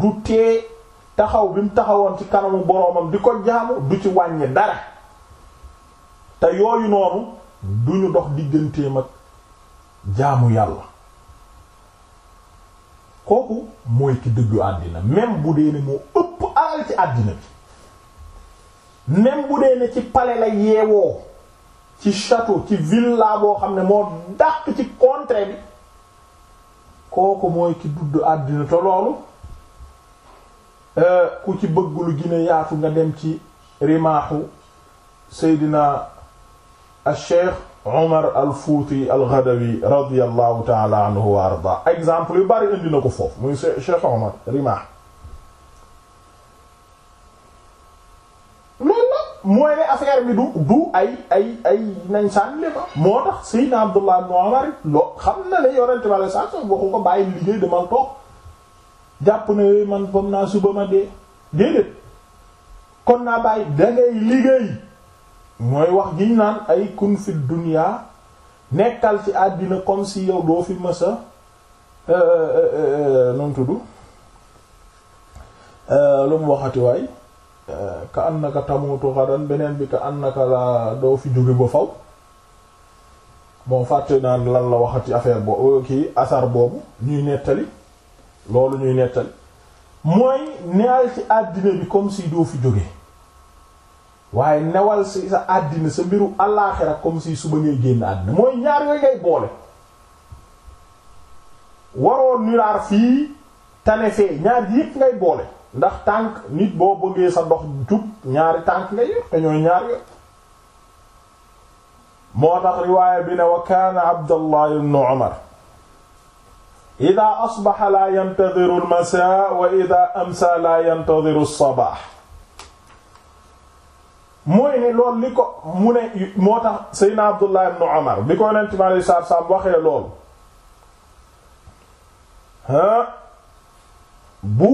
du tee taxaw bi mu taxawoon ci kanamu boroomam di ko jaamu du ci wàññi dara te yooyu noonu duñu dox digganteem ak jaamu yàlla kooku mooy ki dëggu àddina même bu dee ne moo ëpp alal ci àddina bi même bu dee ne ci palais la yeewoo ci château ci villa boo xam ne moo dàq ci contrée bi kooku mooy ki dudd àddina te loolu Euh, ku ci bëgg lu gine yaatu nga dem ci rimaaxu seydina al cheikh omar al fuuti al ghadawi radiallahu taala anhu wa arda exemple yu bari indi na ko foofu muy cheikh omar rimaax loolu la mooy ne affaire bi du du ay ay ay nañ sànni ba moo tax seydina abdullah ibn omar loo xam na ne yorente bi alei satu waxu ko bàyyi liggéey demal toog jàpp na yooyu man bam naa suba ma dee déedéet kon naa bàyyi dangay liggéey mooy wax gi naan ay kun fi dunya nekkal ci àddina comme si yow doo fi mësa noonu euh, euh, euh, tudd lu mu waxati waay ka annaka tamutu xadan beneen bi ka annaka la doo fi jóge ba faw bon fàtte naan lan la waxati affaire boobu kii asar boobu ñuy nettali loolu ñuy nettal mooy newal ci àddina bi comme si doo fi jóge waaye newal si sa àddina sa mbiru àllaaxira comme si suba ngay génn àddina mooy ñaar yooyu ngay boole waroo nulaar fii tane fee ñaar yépp ngay boole ndax tànk nit boo bëggee sa dox jub ñaari tànk ngay yor te ñooy ñaar yor moo tax riwaaya bi ne wa kaana Abdallah ibn Umar ida asbaxa laa yantadiru almasa wa ida amsa laa yantadiru alsabaax mooy ne loolu li ko mu ne moo tax seydna abdullah ibnu omar bi ko yonent bi alei saatu salaam waxee loolu ha bu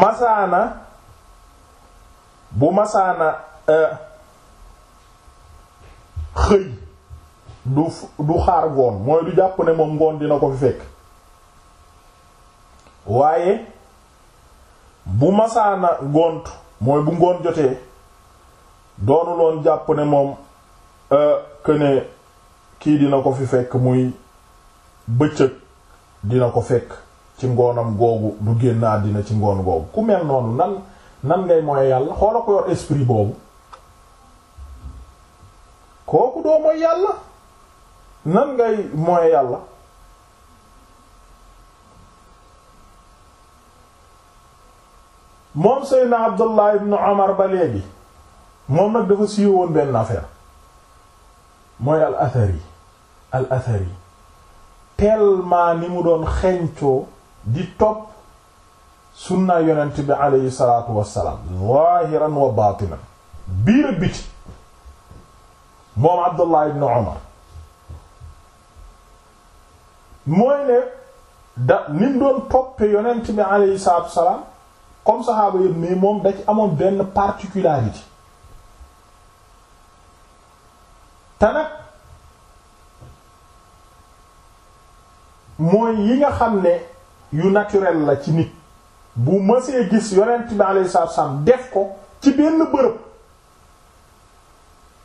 masaana bu masaana eh, xëy du du xaar ngoon mooy du jàpp ne moom ngoon dina ko fi fekk waaye bu masaana ngont mooy bu ngoon jotee doonuloon jàpp ne moom këne euh, kii dina ko fi fekk muy bëccëg dina ko fekk ci ngoonam googu du génn dina ci ngoon googu ku mel noonu nan nan ngay mooy yàlla xoola ko yor esprit boobu kooku doo mooy yàlla nan ngay mooy yàlla moom Seydina Abdullah ibn Omar ba léegi moom nag dafa siiwoon benn affaire mooy al athari al athari ni mu doon xeeñcoo di topp sunna yonent bi aleyhi salaatu wassalaam zaahiran wa baatinan biir biti moom Abdullah ibn Omar mooy ne da nim doon toppe yonent bi alayhi salaatu salaam comme saxaaba yëpp mais moom da ci amoon benn particularité te nag mooy yi nga xam ne yu naturel la ci nit bu mësee gis yonent bi alayhi salaam def ko ci benn bërëb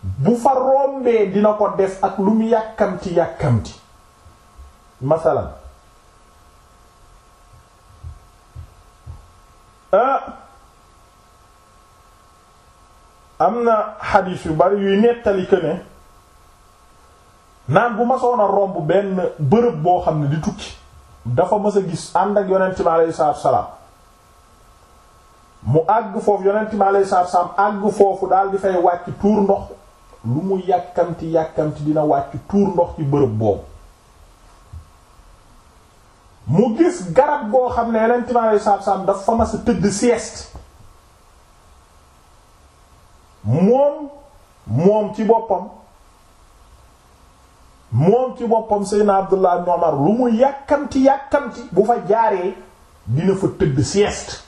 bu fa rombee dina ko def ak lu mu yàkkamti yàkkamti masalan ah. am na xadiis yu bari yuy nettali que ne naan bu masoon a romb benn bërëb boo xam ne di tukki dafa mës a gis ànd ak yonent mi aleyhi salaatu salaam mu àgg foofu yonent mi aleyhi salaatu salaam àgg foofu daal di fay wàcc tuur ndox lu mu yàkkamti yàkkamti dina wàcc tuur ndox ci bërëb boobu mu gis garab goo xam ne yeneen timaale saab-saab daf fa mas a tëdd sieste moom moom ci boppam moom ci boppam Seydina Abdullah ibn Umar lu mu yàkkamti yàkkamti bu fa jaaree dina fa tëdd sieste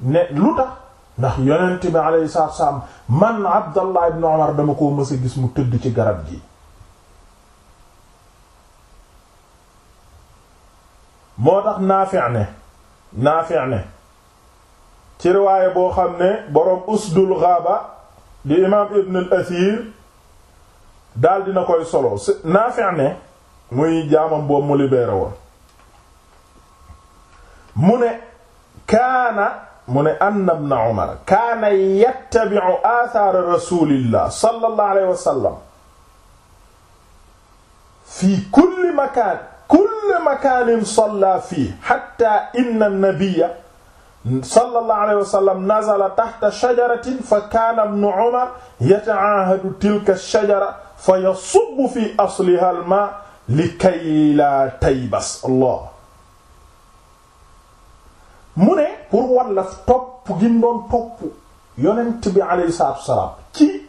ne lu tax ndax yonent bi alayhi salaatu wa salaam man Abdullah ibn Umar dama koo mës a gis mu tëdd ci garab gi moo tax Naafi' ne Naafi' ne ci riwaaye boo xam ne boroom usdul ghaaba di imaam ibn al-Asiir daal dina koy solo Naafi' ne muy jaamam boobu mu libéré woon mu ne kaana mu ne anna ibn Umar kaana yattabi'u aathaara rasuulillah sallallahu alayhi wa sallam fi kulli makaan kulle makaanin salla fii hatta inna nabiyya sallallahu alayhi wa sallam nazala tahta shajaratin fa kaana ibnu umar yata'aahadu tilka shajara fa yasubbu fi asliha al-maa likay laa taybas Allah mu ne pour wan la topp gi mu doon topp yonent bi alayhi salaatu wa salaam ci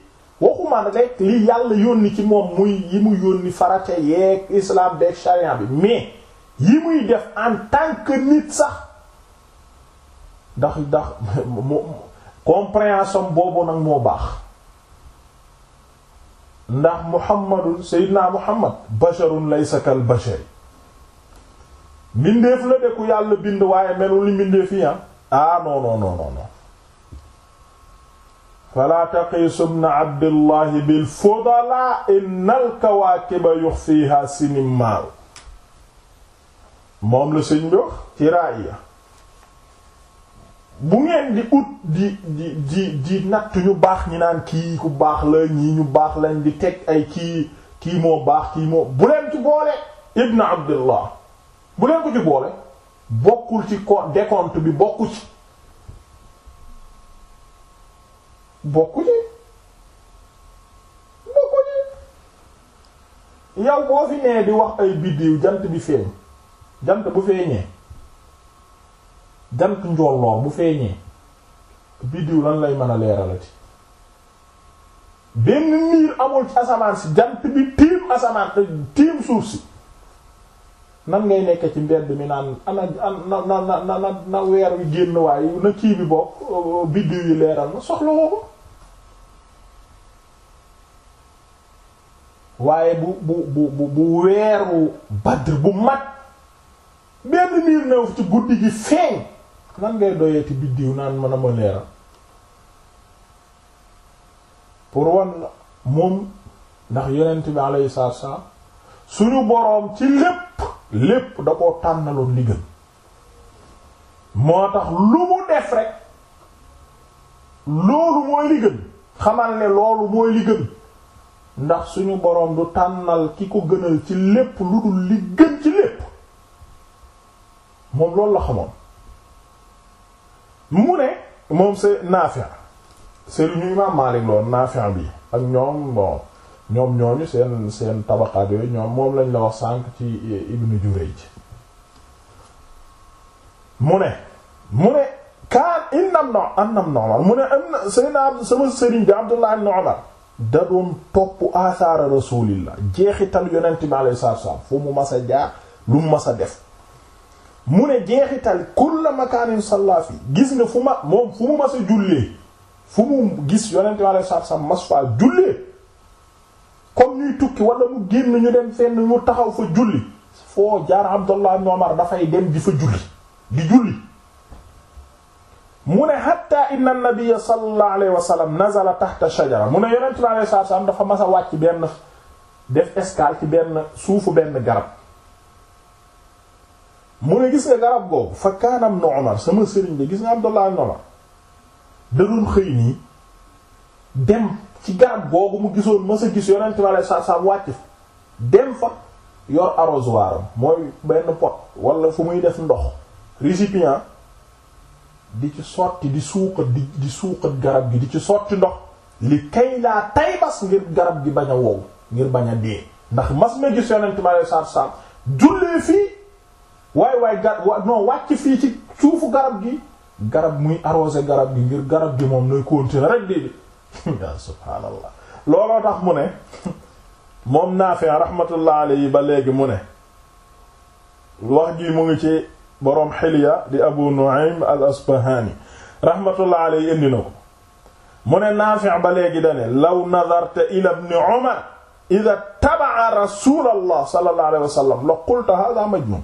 waxuma rek li yàlla yónni ci moom muy yi mu yónni farata yeeg islam beeg sharia bi mais yi muy def en tant nit sax ndax ndax compréhension boobu nag moo baax ndax muhammadun seydinaa muhammad basharun laysa kal bashari mbindeef la de yàlla bind waaye melul ni mbindeef yi ah, ah non fala taqiisu bna abdillahi bil fudala innal kawaakiba yuxfiha sinimaaru moom la sëñ bi ci raaya bu ngeen di ut di di di di natt ñu baax ñi naan kii ku baax la ñii ñu baax lañ di teg ay kii kii moo baax kii moo bu leen ci boole ibna abdillah bu leen ko ci boole bokkul ci ko décompte bi bokku ci bokk ci bokku ci yow boo fi nee di wax ay biddiw jant bi feeñ jant bu feeñee jant njolloor bu feeñee biddiw lan lay mën a leeralati benn niir amul ci asamaan si jant bi tiim asamaan tiim suuf si nan ngay nekk ci mbedd mi naan ana na na na na weer génn waaye na kii bi bokk biddiw yi leeral na soxla woo ko waaye bu bu bu bu weeru Badr bu mat benn niir new ci guddi gi feeñ nan ngay doyeeti biddiw naan mën a ma leeral pour wan moom ndax yonent bi alayhi salaatu salaam suñu boroom ci lépp lépp da koo tànnaloon li gën moo tax lu mu def rek loolu mooy li gën xamal ne loolu mooy li gën ndax suñu boroom du tànnal ki ko gënal ci lépp lu dul li gën ci lépp moom lool la xamoon mu ne moom c'est Naafi' sëriñu imaam Maalik loon Naafi' bi ak ñoom bon ñoom ñooñu seen seen tabaqaat yooyu ñoom moom lañ la wax sànq ci Ibnu Jurayj mu ne mu ne kaan innam no annam no mu ne am na sama sëriñ bi Abdullah ibn Umar da doon topp asaara rasulillah jeexital yonent bi alayhi salaatu wasallam fu mu mas jaar lu mu mas def mu ne jeexital kulla makaanin salla gis nga fu ma moom fu mu mas a jullee fu mu gis yonent bi alayhi salaatu wasallam mas faa jullee comme ñuy tukki wala mu génn ñu dem fenn ñu taxaw fa julli foo jaar Abdullah ibn Umar dafay dem di fa julli di julli mu ne hatta inna an-nabiy sallallahu alayhi wa sallam nazala tahta shajara mu ne yonent bi alayhi dafa mas a wàcc benn def escale ci benn suufu benn garab mu ne gis nga garab googu fa kaana ibn Umar sama sëriñ bi gis nga Abdullah ibn Umar da doon xëy nii dem ci garab googu mu gisoon mas a gis yonent bi alayhi salaatu salaam wàcc fa dem fa yor arrosoir am mooy benn pot wala fu muy def ndox récipient di ci sotti di suuqat di di suuqat garab gi di ci sotti ndox li kay laa tay bas ngir garab gi bañ a wow ngir bañ a dee ndax mas ma gis yonent mi alei satu salaam jullee fii waay waay gar non wàcc fii ci suufu garab gi garab muy arrosé garab gi ngir garab gi moom lay continuer rek di di yaa subhaanallah looloo tax mu ne moom Naafi rahmatullah alayhi ba léegi mu ne wax ji mu ngi ci boroom xilya di abu nu'aym al asbahani rahmatullah alayhi indi na ko mu ne naafi' ba léegi dane law nadarta ila ibni umar ida taba'a rasulallah sallallahu alayhi wa sallam la qulta hadha majnun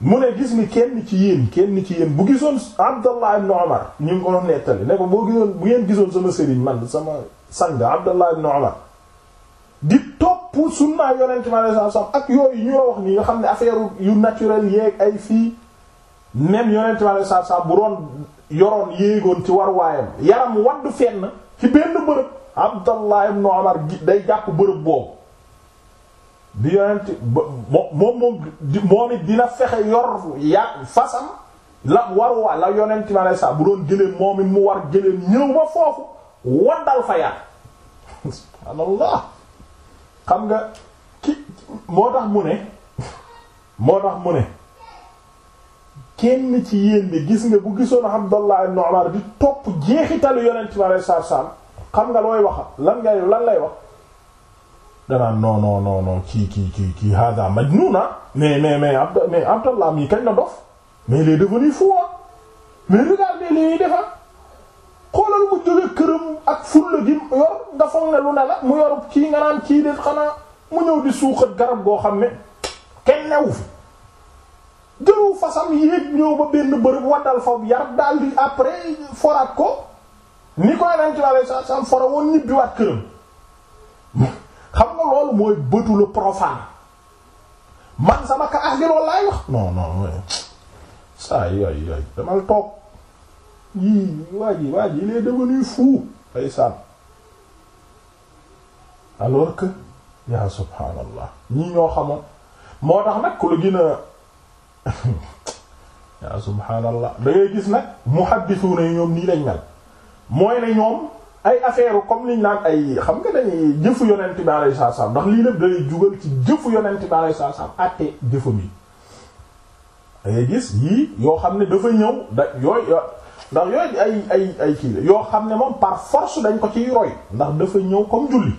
mu ne gis ni kenn ci yéen kenn ci yéen bu gisoon abdallah ibn omar ñu ngi ko nettali ne ko boo gisoon bu ngeen gisoon sama sëriñ man sama sang abdallah ibn omar di toog topp sunnaa yonent ma yooyu ñu nga xam ne affaire yu naturel yeeg ay fii même yonent ma ne sax doon yoroon yéegoon ci war waayam yaram wadd fenn ci benn bërëb Abdallah ibn Umar day jàpp bërëb boobu bi yonent moom moom moom it dina fexe yor ya fasam la war la yonent ma ne sax doon jëleen moom mu war jëleen ñëw ba foofu waddal fa yar subhaanallah xam nga ki moo tax mu ne moo tax mu ne kenn ci yéen bi gis nga bu gisoon Abdallah ibn Umar di topp jeexitalu yonent bi alayhi salaatu salaam xam nga looy wax lan ngay lan lay wax danaan non non non kii kii kii kii hada majnuna mais mais mais Abd mais Abdallah mi kañ la dof mais il est devenu fou mais regardez li ñuy defar fulla gi yor nga lu ne la mu yorub kii nga naan kii de xanaa mu ñëw di suuxat garab goo xam ne kenn newu fi jëru fasam yéeg ñëw ba benn bërëb waddal fa yar daal di après foraat ko ni ko yeneen ci laale sa sam fora woon ñibbiwaat këram xam nga man sama ka ah gi loolu laay wax non non saa yi waay damal toog yii waa ji waa ji il est devenu fou ndeysaan alors que yaa subhaanallah ñii ñoo xamoon moo tax nag ku la gën a yaa subhaanallah da gis nag mu yi ñoom nii lañ mel mooy ne ñoom ay affaire comme niñ naan ay xam nga dañuy jëfu yonent bi alayhi salaam ndax lii lépp dalay jugal ci jëfu yonent bi alayhi salaam àtte jëfam yi da gis yii yoo xam ne dafa ñëw da yooyu ndax yooyu ay ay ay kii la yoo xam ne moom par force dañ ko ciy roy ndax dafa ñëw comme julli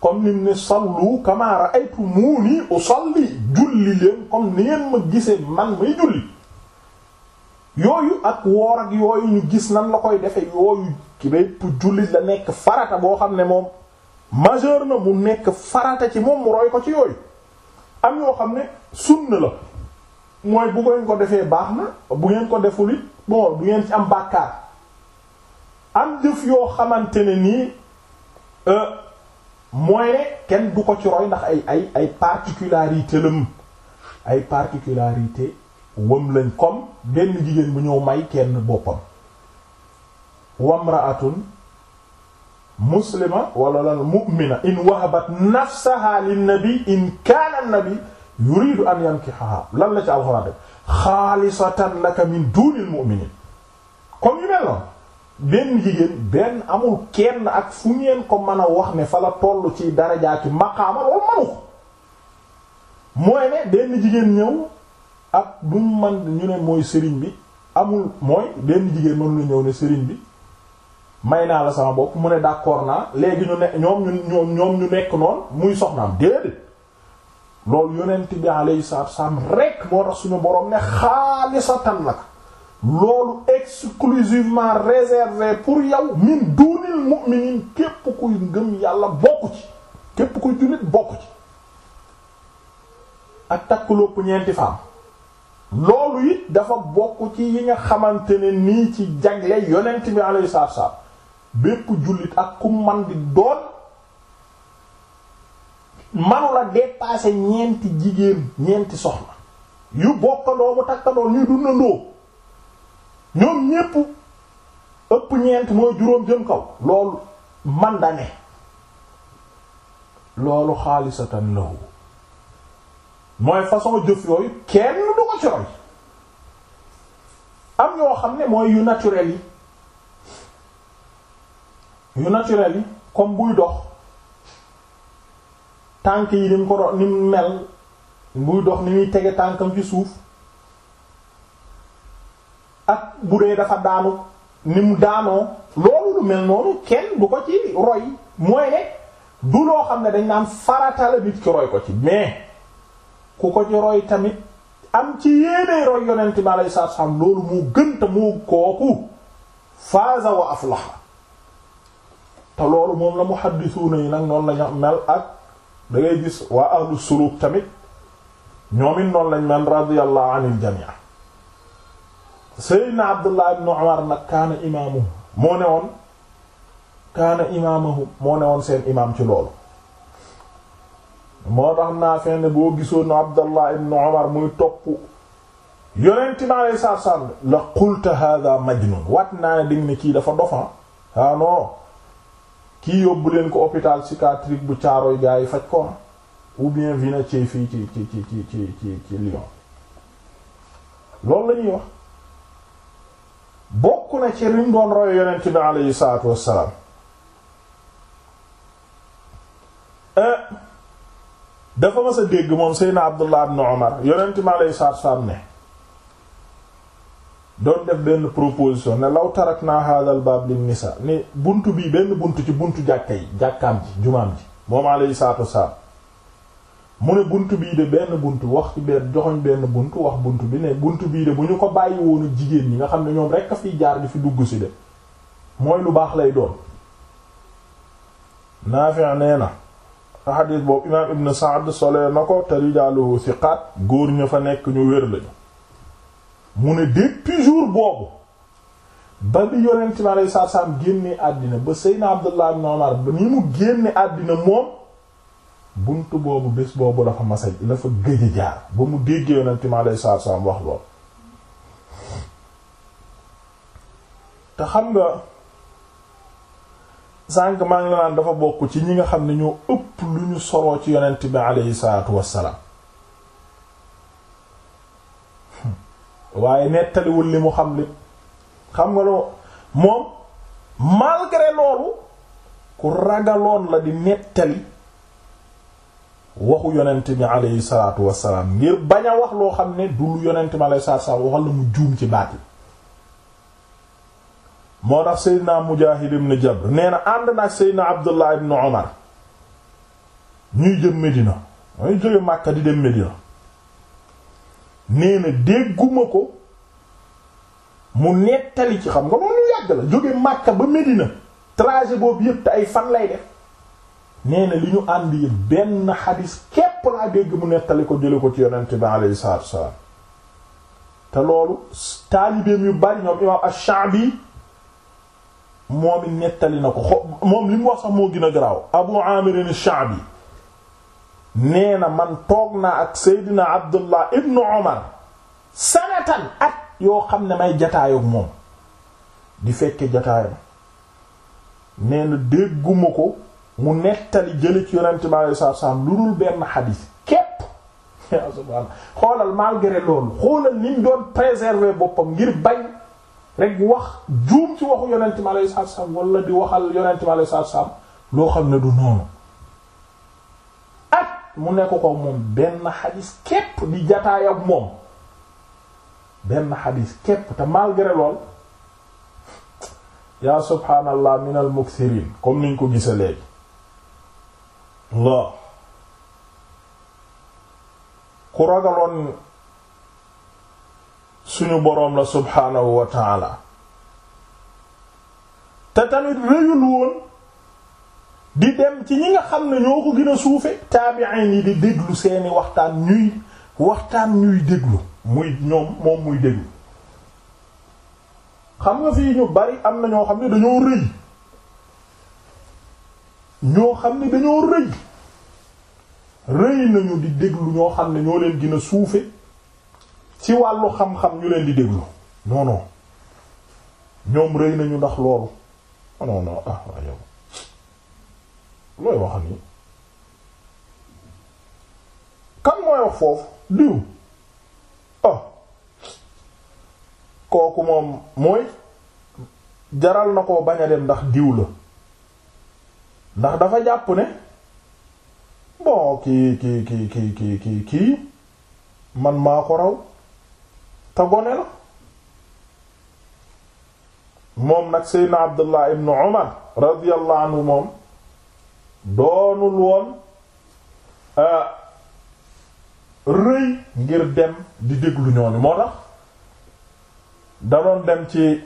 comme nim ne sallu kama ra'aytumuni usalli julli leen comme ni ma gisee man may julli yooyu ak woor ak yooyu ñu gis nan la koy defe yooyu ki bépp jullit la nekk farata boo xam ne moom majeur na mu nekk farata ci moom mu roy ko ci yooyu am yoo xam ne sunna la mooy bu ngeen ko defee baax na bu ngeen ko defuli bon du ngeen ci am bàkkaar am jëf yoo xamante ne nii euh, mooy kenn du ko ci roy ndax ay ay ay particularité lam ay particularité wam lañ comme benn jigéen bu ñëw may kenn boppam wamraatun muslima wala lan mu'mina in wahabat nafsaha lin nabi in kaana an nabi yuridu an yankihaha lan la ci alxuraan xaalisatan laka min duunil mu'miniin comme yu mel noonu benn jigéen benn amul kenn ak fu ngeen ko mën a wax ne fa la toll ci darajaa ci maqaama loolu manu ko mooy ne benn jigéen ñëw ak bu mu man ñu ne mooy sëriñ bi amul mooy benn jigéen mënu ñëw ne sëriñ bi may naa la sama bopp mu ne d'accord naa léegi ñu ne ñoom ñu ñoom ñu nekk noonu muy soxnaam déedéet loolu yonent bi alayhi salaatu wassalaam rek moo tax suñu boroom ne xaalisatan lak loolu exclusivement réservé pour yow min duunil mu'minin képp kuy ngëm yàlla bokk ci képp kuy jullit bokku ci ak takk lopp ñeenti femme loolu it dafa bokk ci yi nga xamante ne nii ci jagle yonent bi alayhi salaatu wassalaam bépp jullit ak ku man di doon manula dépasser ñeenti jigéen ñeenti soxna yu bokkandoo bu takkandoo ñuy dundandoo ñoom ñépp ëpp ñeent mooy juróom jëm kaw loolu man loolu xaalisatan lahu mooy façon jëf yooyu kenn du ko ci roy am yoo xam ne mooy yu naturel yi yu naturel yi comme buy dox tànk yi ni mu ko doon ni mu mel muy dox ni muy tege tànkam ci suuf ak bu dee dafa daanu ni mu daanoo loolu lu mel noonu kenn du ko ci roy mooy ne du loo xam ne dañ naan farata la ki roy ko ci mais ku ko ci roy tamit am ci yéenee roy yonent bi alayhi salaatu salaam loolu kooku faaza wa loolu moom la muhaddisuuna yi nag noonu lañu mel ak da ngay gis waa ahlu suluk tamit ñoom it noonu lañ man radiyallahu anil jamii seydna abdullah ibn umar nag kaana imaamu moo ne woon kaana imaamahum seen imaam ci loolu moo tax naa fenn boo gisoon abdullah ibn umar muy topp yonenti naa lay saar saar la qulta hadha majnun wat naa ding ni kii dafa dofan ah, ah non. kii yóbbu leen ko hôpital psychiatrique bu caaroy gars yi faj ko ah. ou bien Vinatieri ci ci ci ci ci ci ci Lyon loolu la ñuy wax bokk na ci liñ doon roy yonent bi salaatu wassalaam eh, dafa mas a dégg moom Seydina Abdullah ibn Umar yonent bi aleyhi salaatu wassalaam ne doon def benn proposition ne law tarak naa hadal baab lin nisa ni bunt bi benn bunt ci bunt jàkka yi jàkkaam ji jumaam ji moom alayhi salaatu wasalaam mu ne bunt bii de benn bunt wax ci benn joxoñ benn bunt wax bunt bi ne bunt bii de bu ñu ko bàyyi woonu jigéen ñi nga xam ne ñoom rekk a fiy jaar di fi dugg si de mooy lu baax lay doon Naafi' nee na xadiis boobu imaam Ibn Sa'd solo na ko te rijaaluhu siqaat góor ña fa nekk ñu wér lañu mu ne depuis jour boobu ba bi yonent bi aleyhi salaatu salaam génne àddina ba Seydina Abdullah ibn Umar ba ni mu génne àddina moom buntu boobu bés boobu dafa masa la fa gëj jaar ba mu déggee yonent bi aleyhi salaatu salaam wax lool te xam nga sànq maa ngi la naan dafa bokk ci ñi nga xam ne ñoo ëpp lu ñu soroo ci yonent bi aleyhi salaatu wassalaam waaye nettaliwul li mu xam lépp xam nga loo moom malgré loolu ku ragaloon la di nettali waxu yonent bi aleyhi salaatu ngir bañ wax loo xam ne du lu yonent waxal la mu juum ci baat moo tax Seydina Mujaahid ibn Jabr nee na ànd na ak Seydina Abdullah ibn Omar ñuy jëm Medina ñuy jóge Màkka di dem Medina nee dégguma ko mu nettali ci xam nga moom lu yàgg la jóge Makka ba Medina trajet boobu yëpp te ay fan lay def nee li ñu ànd yëpp benn xadis képp laa dégg mu nettali ko jële ko ci yonent bi alayhi salaatu wassalaam te loolu taalibeem yu bari ñoom imaam Ash-Sha'bi moom it nettali na ko xo moom li mu wax sax moo gën a garaaw Abu Amir ash nee na man toog naa ak Seydina Abdullah ibnu Umar sanatan at yoo xam ne may jataayook moom di fekke jataayam nee na dégguma ko mu nettali jële ci yonente bi alei satu salaam lu dul benn xadiis képp xoolal malgré loolu xoolal liñ doon préserver boppam ngir bañ rek wax juum ci waxu yonente bi alei satu salaam wala di waxal yonente bi alei satu salaam loo xam ne du noonu mu nekk ko moom benn xadis képp di jataayam moom benn xadis képp te malgré lool yaa subhaanallah min al muksirin comme niñ ko gisa léegi la ku ragaloon suñu boroom la subhaanahu wa te tamit réyul woon di dem ci ñi nga xam ne ñoo ko gën suufe taabi'in yi di déglu seeni waxtaan ñuy waxtaan ñuy déglu muy ñoom moom muy déglu xam nga fii ñu bari am na ñoo xam ne dañoo rëy ñoo xam ne dañoo rëy rëy nañu di déglu ñoo xam ne ñoo leen gën a suufe ci wàllu xam-xam ñu leen di déglu non ñoom rëy nañu ndax loolu non non ah, looy wax nii kan mooy wax foofu diw oh kooku moom mooy jaral na koo bañ a dem ndax diw la ndax dafa jàpp ne bon kii kii kii kii kii kii man maa ko raw te la moom nag seydna abdullah ibnu umar radiyallahu anhu moom doonul woon euh, rëy ngir dem di déglu ñooñu moo tax da doon dem ci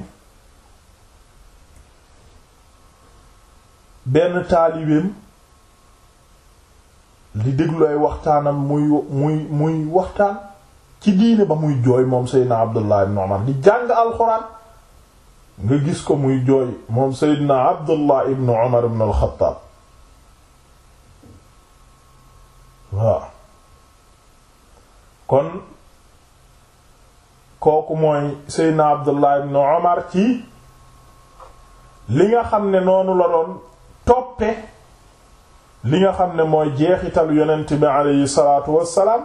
benn taalibeem di déglu ay waxtaanam muy muy muy waxtaan ci diine ba muy jooy moom Seydina Abdullah ibn Umar di jàng alxuraan nga gis ko muy jooy moom Seydina Abdullah ibn Umar ibn al kooku mooy seydna abdullah ibn omar ci li nga xam ne noonu la doon toppe li nga xam ne mooy jeexital yonent bi aleyhi salaatu wassalaam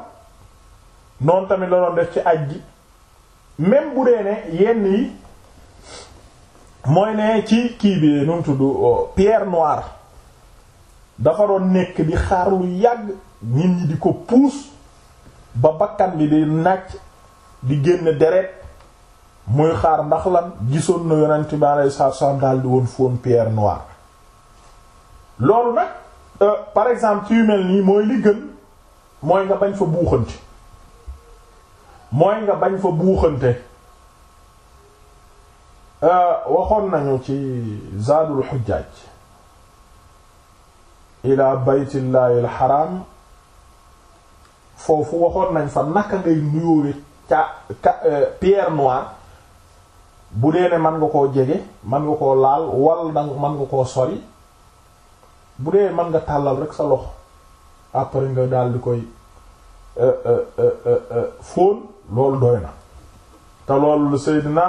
noonu tamit la doon def ci aj gi même bu dee ne yenn yi mooy ne ci kii bi nu mu tudd pierre noire dafa doon nekk di xaar lu yàgg nit ñi di ko puus ba bakkan bi di nàcc di génn deret muy xaar ndax lan gisoon na yonent bi alayhi salaatu salaam daal di woon fóon pierre noire loolu nag euh, par exemple ci yu mel nii mooy li gën mooy nga bañ fa buuxante mooy nga bañ fa buuxante euh, waxoon nañu ci zaadul xujjaaj ila baytillahi alxaram foofu waxoon nañ fa naka ngay nuyoole ca ca euh, pierre noire bu dee ne mën nga koo jege man nga koo laal wal dang mën nga koo sori bu dee mën nga tàllal rek sa loxo après nga daal di koy euh, euh, fóon loolu doy na te loolu lu Seydina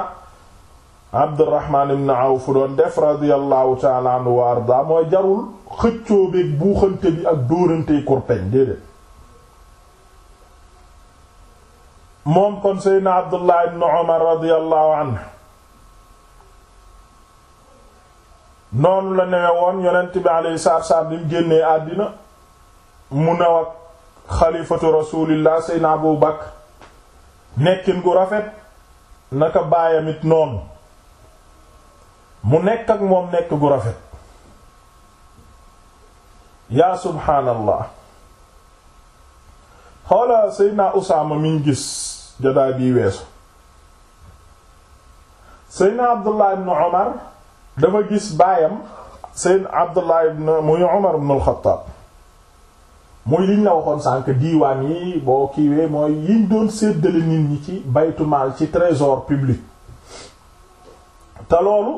Abdurrahman ibn Awf doon def radiyallahu ta'ala anhu wa arda mooy jarul xëccoo beeg buuxante bi ak dóorante kurpeñ déedéet moom kon seydna abdullah ibn omar radiallahu anhu noonu la newe woon yonent bi alayhi salaatu wassalaam mu génnee àddina mu new ak xalifatu rasulillah seydna abu bakr nekkin gu rafet naka baayamit noonu mu nekk ak moom nekk gu rafet yaa subhaanallah xoola seydna usaama miñ gis jotaay bii weesu seydna abdullah ibn omar dafa gis baayam seydna abdullah ibn muy omar ibn al-Khattab muy liñ la waxoon sànq diiwaan yi boo kiiwee mooy yiñ doon séddale nit ñi ci baytumaal ci trésor public te loolu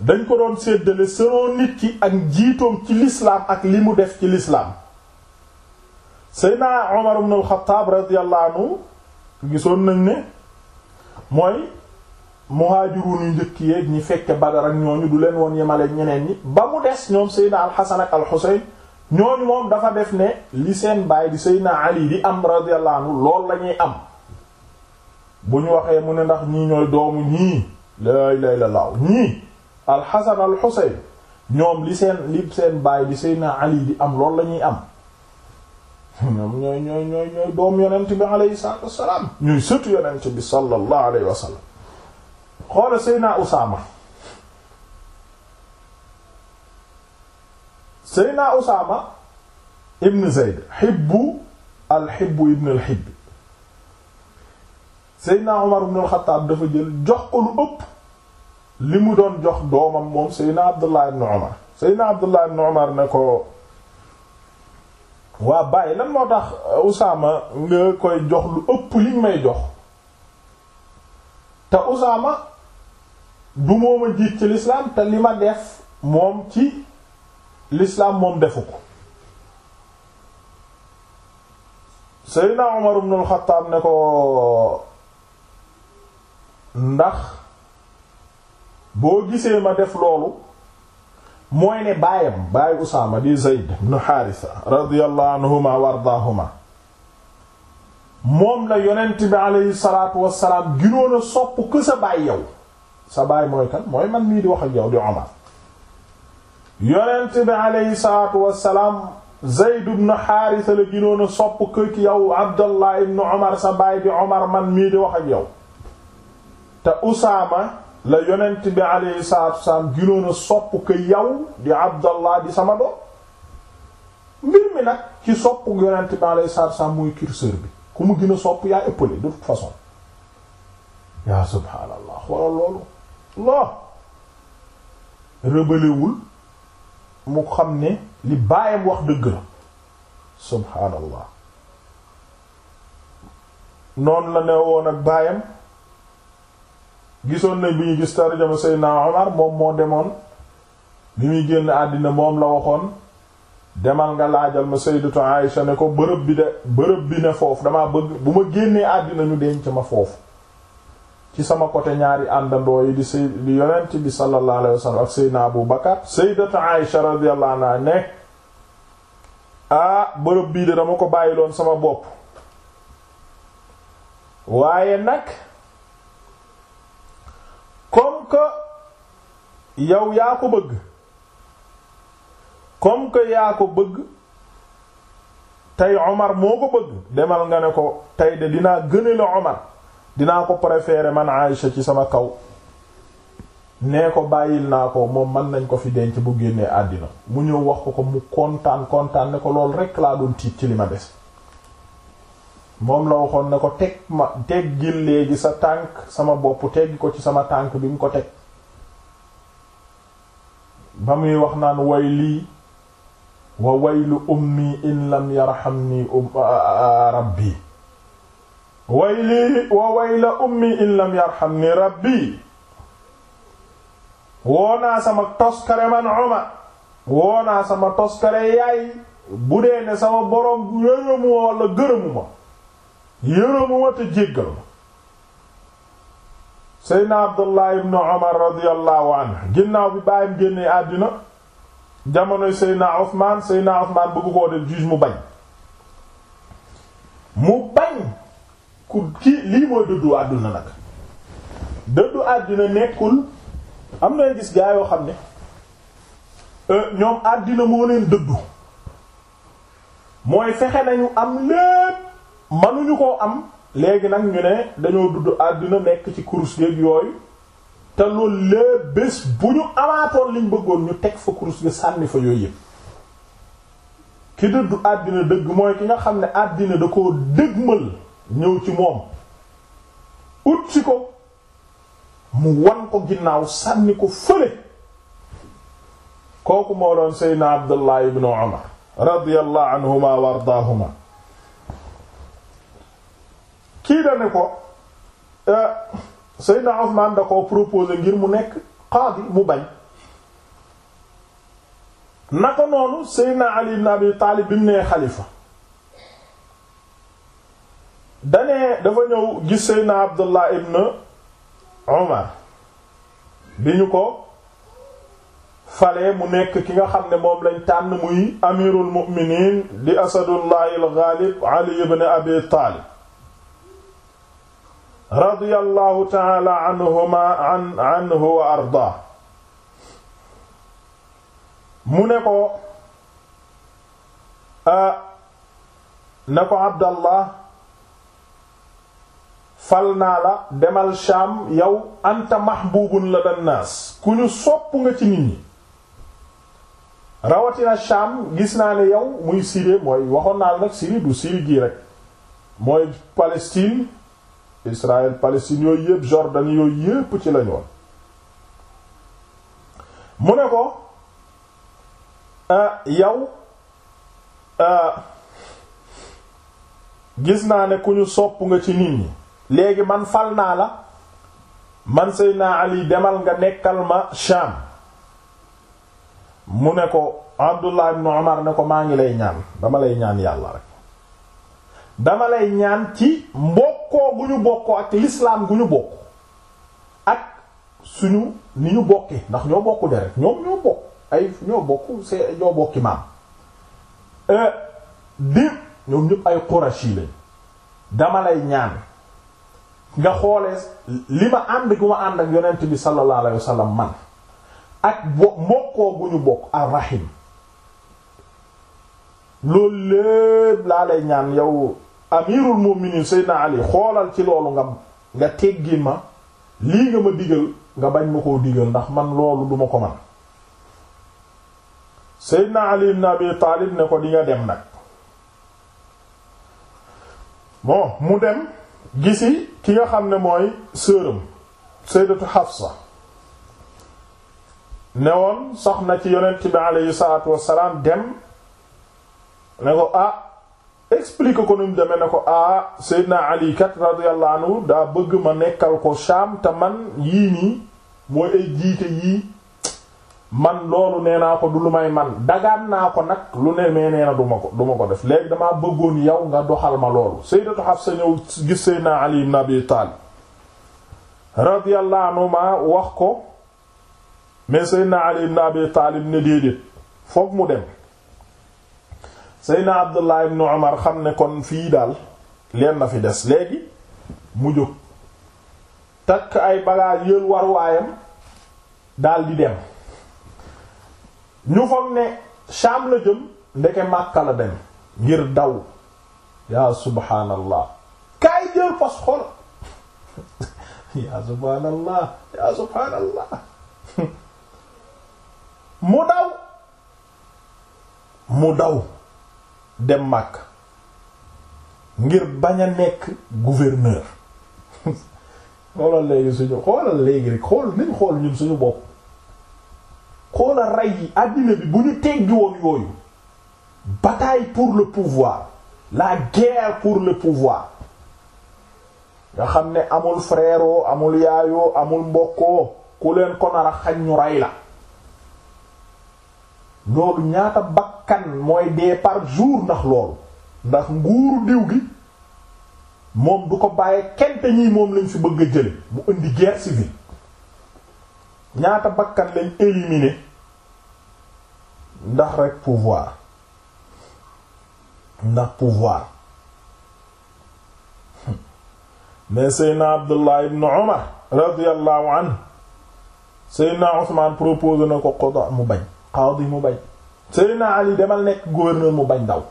dañ ko doon séddale selon nit ki ak njiitoom ci l'islam ak li mu def ci lislaam Seydina Omar ibn al-Khattab radiyallahu gisoon nañ ne mooy muhaajiruun yu njëkk yeeg ñi fekke Badar ak ñooñu du leen woon yemale ñeneen ñi ba mu des ñoom Seydina al-Hasan ak al-Husayn dafa def ne li seen baay di Seydina Ali di am radiyallahu lool lañuy am bu ñu waxee mu ne ndax ñii ñooy doomu ñii la ilaha illallah ñii al-Hasan ñoom li seen li seen baay di Seydina Ali di am lool la ñuy am ñoom ñooy ñooy ñooy ñooy doom yonent bi alayhi salaatu wassalaam ñooy sëtu yonent bi sallallahu alayhi wa sallam xoola Seyna Usaama Seyna Usaama ibn Zayd xibbu alxibbu ibn alxibb Seyna Umar ibn al dafa jël jox ko lu li mu doon jox doomam moom Seyna Abdullah ibn Umar Seyna Abdullah ibn Umar ne ko waa bàyyi lan moo tax euh, Usaama nga koy jox lu ëpp liñ may jox te Usaama du moom a jiit ci l'islam te li ma def moom ci l'islam moom defu ko Seydina Umar ibn al ne ko ndax boo gisee ma def loolu mooy ne baayam baayu Usaama di Zayd ibn Haarisa radiyallahu anhuma wa ardaahuma moom la yonent bi aleyhi salaatu wassalaam ginoon a sopp ko sa baay yow sa baay mooy kan mooy man mii di wax ak yow di Omar yonent bi aleyhi salaatu wassalaam Zayd ibn Haarisa la ginoon a sopp ko ki yow Abdallah ibn Omar sa baay di Omar man mii di wax ak yow te Usaama la yonent bi alayhi salaatu wasalaam ginoon a sopp ko yow di abdallah di sama doom mbir mi nag ci sopp yonent bi alayhi salaatu wasalaam mooy curseur bi ku mu gën sopp yaa ëppale de toute façon yaa subhaanallah xoolal loolu loo rëbalewul mu xam ni li baayam wax dëgg la subhaanallah noonu la ne woon ak baayam gisoon nañ bi ñu gis tarjama Seydina Omar moom moo demoon bi muy génn àddina moom la waxoon demal nga laajal ma Sayyidatu Aïsha ne ko bërëb bi de bërëb bi ne foofu damaa bëgg bu ma génnee àddina ñu denc ma foofu ci sama côté ñaari àndandoo yi di say di yonent bi sallallahu alayhi wasallam ak Seydina Abu Bakar Sayyidatu Aïsha radiyallahu anha ne ah bërëb bii de dama ko bàyyiloon sama bopp waaye nag comme que yow yaa ko bëgg comme que yaa ko bëgg tey Omar moo ko bëgg demal nga ne ko tey de dinaa gëne la Omar dinaa ko préférer man Aïcha ci sama kaw ne ko bàyyil naa ko moom mën nañ ko fi denc bu génnee àddina mu ñëw wax ko ko mu kontaan kontaan ne ko loolu rekk laa doon tiit ci li ma des moom la waxoon na ko teg ma teggil léegi sa tànk sama bopp teg ko ci sama tànk bi mu ko teg ba muy wax naan way lii wa waylu ummi in lam yarhamni um-, rabbi wayli wa wayla ummi in lam yarhamni rabbi woonaa sama toskare man uma woonaa sama toskare yaay bu dee ne sama borom yërëmu walla gërëmu ma yërëmuma te jéggal ma seydna abdullah ibn omar radiallahu anhu ginnaaw bi bàyyam génne àddina jamonoy seydna osmaan seydna osmaan bëgg koo def juge mu bañ mu bañ ku kii lii mooy dëddu àdduna nag dëddu àddina nekkul am na gis gaa yoo xam ne euh, ñoom àddina moo leen dëddu mooy fexe nañu am lépp manuñu koo am léegi nag ñu ne dañoo dudd àddina nekk ci kurus géeg yooyu te loolu lee bés bu ñu amaatoon liñ bëggoon ñu teg fa kurus ga sànni fa yooyu yëpp ki dëddu àddina dëgg mooy ki nga xam ne àddina da koo dëgmal ñëw ci moom ut ko mu wan ko ginnaaw sànni ko fële kooku moo doon seydna abdullah ibnu umar radiyallahu anhuma wa ardaahuma kii da ko euh, Seydina Usmaan da ko proposé ngir mu nekk qaadi mu bañ na ko noonu Seydina Ali ibn Abi Taalib bi mu nee xalifa danee dafa ñëw gis Seydina Abdullah ibn Umar bi ñu ko fale mu nekk ki nga xam ne moom lañ tànn muy amirul mu'minin di Asadullahi al-Ghalib Ali ibn Abi Taalib radiyallahu taala wa arda mu ne ko ne ko abdallah fal naa la demal Sham yow anta mahbubun la dannaas ku ñu sopp nga ci nit rawatina Sham gis naa ne yow muy Syrie mooy waxoon naa la nag Syrie du Syrie gii rek mooy Palestine Israël Palestine yooyu yëpp Jordan yooyu yëpp ci lañ mu ne ko ah, yow ah, gis naa ne ku ñu sopp nga ci nit ñi léegi man fal naa la man naa Ali demal nga nekkal ma Sham mu ne ko Abdullah ibn Umar ne ko maa ngi lay ñaan dama lay ñaan yàlla rek dama lay ñaan ci mbokkoo gu ñu bokkoo ak l'islam ñu bokk ak suñu ni ñu bokkee ndax ñoo bokku de rek ñoom ñoo bokk ay ñoo bokk c'est ñoo bokki maam euh, di ñoom ñëpp ay Qurashi lañ dama lay ñaan nga xoolee li ma ànd gu ma ànd ak yonent bi sallallahu alayhi man ak bo mbokkoo gu ñu bokk ar loolu lépp laa lay ñaan yow amirul mu'minin sayyidina ali xoolal ci loolu nga nga teggi ma lii nga ma digal nga bañ ma koo digal ndax man loolu duma ko man sayyidina ali ibn taalib ne ko di nga dem nag bon mu dem gisi ki nga xam ne mooy sëram sayyidatu Hafsa ne woon soxna ci yonent bi aleyhi salaatu wassalaam dem ne ko ah explique ko nu mu demee ne ko a ah, Seydina Ali kat radiyallahu anhu daa bëgg ma nekkal ko Sham te man yii nii mooy ay jiite yi man loolu nee naa ko du lu may man dagaan naa ko nag lu ne mee nee na ko du ko def léegi damaa bëggoon yow nga doxal ma loolu Sayyidatu Hafsa ñëw gis Seydina Ali ibn Abi Talib radiyallahu anhu ma wax ko mais Seydina Ali ibn Abi Talib ne déedéet foog mu dem Seydina Abdullah ibn Umar xam ne kon fii daal leen na fi des léegi mu jóg takk ay balaa yël war waayam daal di dem ñu foog ne Sham la jëm ndeke Makka la dem ngir daw yaa subhaanallah kaay jël fas xol yaa subhaanallah yaa subhaanallah mu daw mu daw dem màkk ngir bañ a nekk gouverneur xoolal léegi suñu xoolal léegi rek xool nañ xool ñun suñu bokk xoolal rey yi àddina bi bu ñu teggi woon yooyu bataille pour le pouvoir la guerre pour le pouvoir nga xam ne amul frère amul yaayoo amul mbokkoo ku leen ko a xañ ñu rey la loolu ñaata bakkan mooy dee par jour ndax loolu ndax nguuru diw gi moom du ko bàyyi kenn te ñii moom lañ fi bëgg a jële mu indi guerre civile ñaata bakkan lañ éliminé ndax rek pouvoir ndax pouvoir hmm. mais Seydina Abdullah ibn Umar radiyallahu anhu Seydina Usman proposé na ko qada mu bañ qadi mu bañ Seydina Ali demal nekk gouverneur mu bañ daw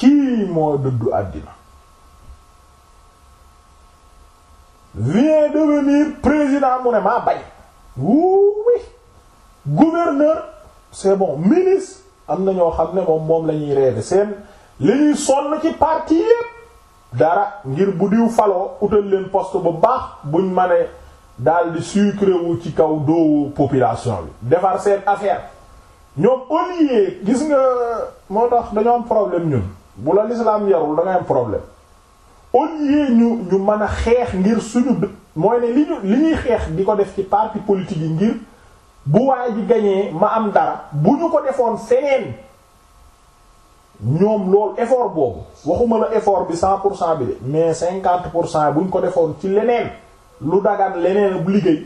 kii moo dëddu àddina vient devenir président mu ne maa bañ oui gouverneur c'est ministre am na ñoo xam ne moom moom la ñuy rêver seen li ñuy sonn ci parti yépp dara ngir bu diw faloo utal leen poste bu baax buñ manee daal di sucré wu ci kaw doowu population bi defar seen affaire ñoom au lieu gis nga moo tax dañoo am problème ñun bu la l'islam yarul da am problème au lieu ñu ñu mën a xeex ngir suñu mooy ne li ñu li ñuy xeex di ko def ci parti politique yi ngir bu waay ji gañee ma am dara bu ñu ko defoon feneen ñoom loolu effort boobu waxuma la effort bi cent pour cent bi de mais cinquante pour cent bu ko defoon ci leneen lu dagan leneen liggéey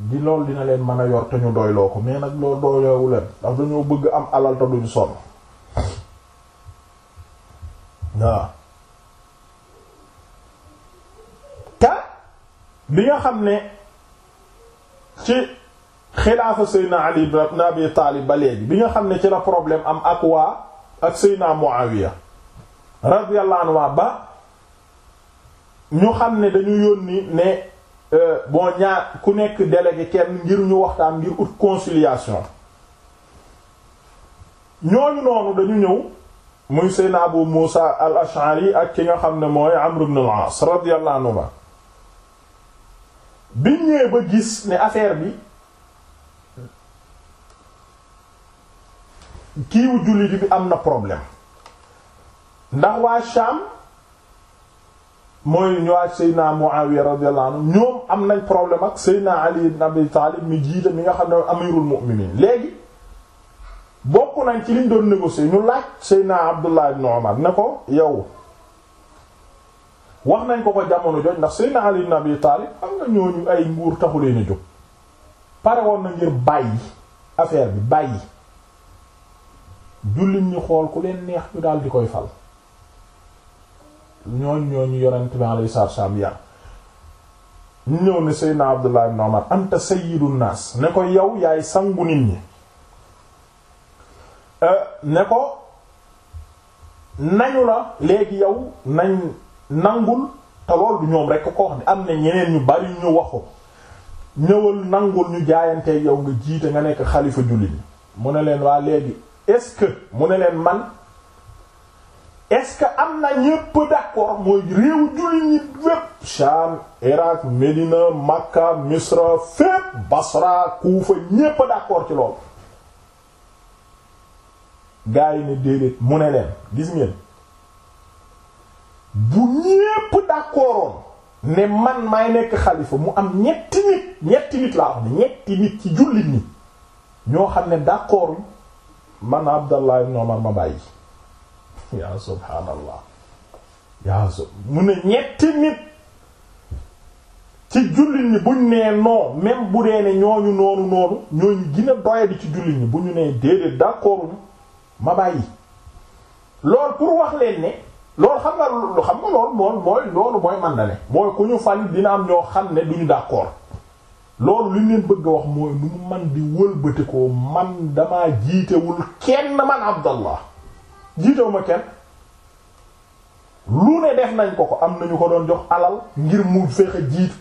di loolu dina leen mën a yor te ñu doyloo ko mais nag loolu doyloowu leen ndax dañoo bëgg am alal te duñ sonn waaw ka bi nga xam ne ci xilaafa Seydina Ali ibn Abi Taalib ba léegi bi nga xam ne ci la problème am ak waa ak Seydina Muawiya radiyallahu anhu ba ñu xam ne dañu yónni ne euh, bon ñaar ku nekk délégué kenn ngir ñu waxtaan ngir ut conciliation ñooñu noonu dañu ñëw muy Seydina Abu Muusa al-Ash'ari ak ki nga xam ne mooy Amr ibn al-As radiyallahu anhuma biñ ñëwee ba gis ne affaire bi kiiwu jullit bi am na problème ndax waa Sham mooy ñu waaj Seydina Muawiya radiyallahu anhu ñoom am nañ problème ak Seydina Ali ibn Abi Talib mi jiite mi nga xam ne amirul mu'minin léegi bokk nañ ci liñ doon négocier ñu laaj Seydina Abdullah ibn Umar ne ko yow wax nañ ko ko jamono joj ndax Seydina Ali ibn Abi am na ñooñu ay nguur taxulee na jóg pare woon na ngir bàyyi affaire bi bàyyi jullit ñu xool ku leen neex ñu daal di koy fal ñooñ ñooñu yonent bi alayhi salaatu salaam yar ñu ñëw ne Seydina Abdullah ibn Umar anta sayyidun naas ne ko yow yaay sangu nit ñi euh, ne ko nañu la léegi yow nañ nangul te lool du ñoom rek ko wax ne am na ñeneen ñu bari ñu waxu ñëwal nangul ñu jaayantee yow nga jiite nga nekk xalifa jullit ñi mu ne leen waa léegi est-ce que mu ne leen man est-ce que am na ñépp d'accord mooy réewu jullit ñi fépp Sham Irak Médina Makka Misra fépp Basra Kufa ñépp d'accord ci loolu gaa yi ne déedéet mu ne leen gis bu ñépp d'accordoon ne man maay nekk xalifa mu am ñetti nit ñetti nit laa wax ne ñetti nit ci jullit ñi ñoo xam ne d'accorduñ man Abdallah ibn Omar ma bàyyi yaa subhaanallah yaa sub mu ne ñetti nit ci jullit ñi buñ nee non même bu dee ne ñooñu noonu noonu ñooñu gën a doyadi ci jullit ñi bu ñu nee déedéet d'accord ma bàyyi loolu pour wax leen ne loolu xam nga lu xam nga loolu mooy loolu mooy mandale mooy ku ñu fal dina am ñoo xam ne duñu d'accord loolu li leen bëgg a wax mooy nu mu man di wëlbati man damaa jiitewul kenn man abdallah jiitaw ma kenn lu ne def nañ ko ko am nañu ko doon jox alal ngir mu fexe jiit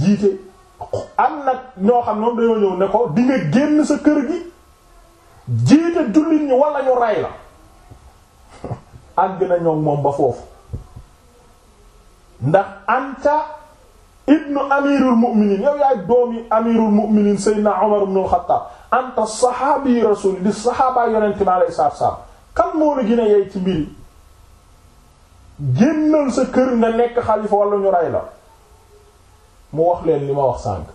jiite am nag ñoo xam noonu dañoo ñëw ne ko di nga génn sa kër gi jiite jullit ñi wala ñu ray la àgg na ñoom moom ba foofu ndax anta ibnu amirul mu'minin yow yaay doomi amirul mu'minin sayyidina Umar ibn al-Khattab anta saxaabi rasul di saxaabaa yonente maa lay saab saab kan moo la gën a yey ci mbiri génnal sa kër nga nekk xalifa wala ñu rey la mu wax leen li ma wax sànk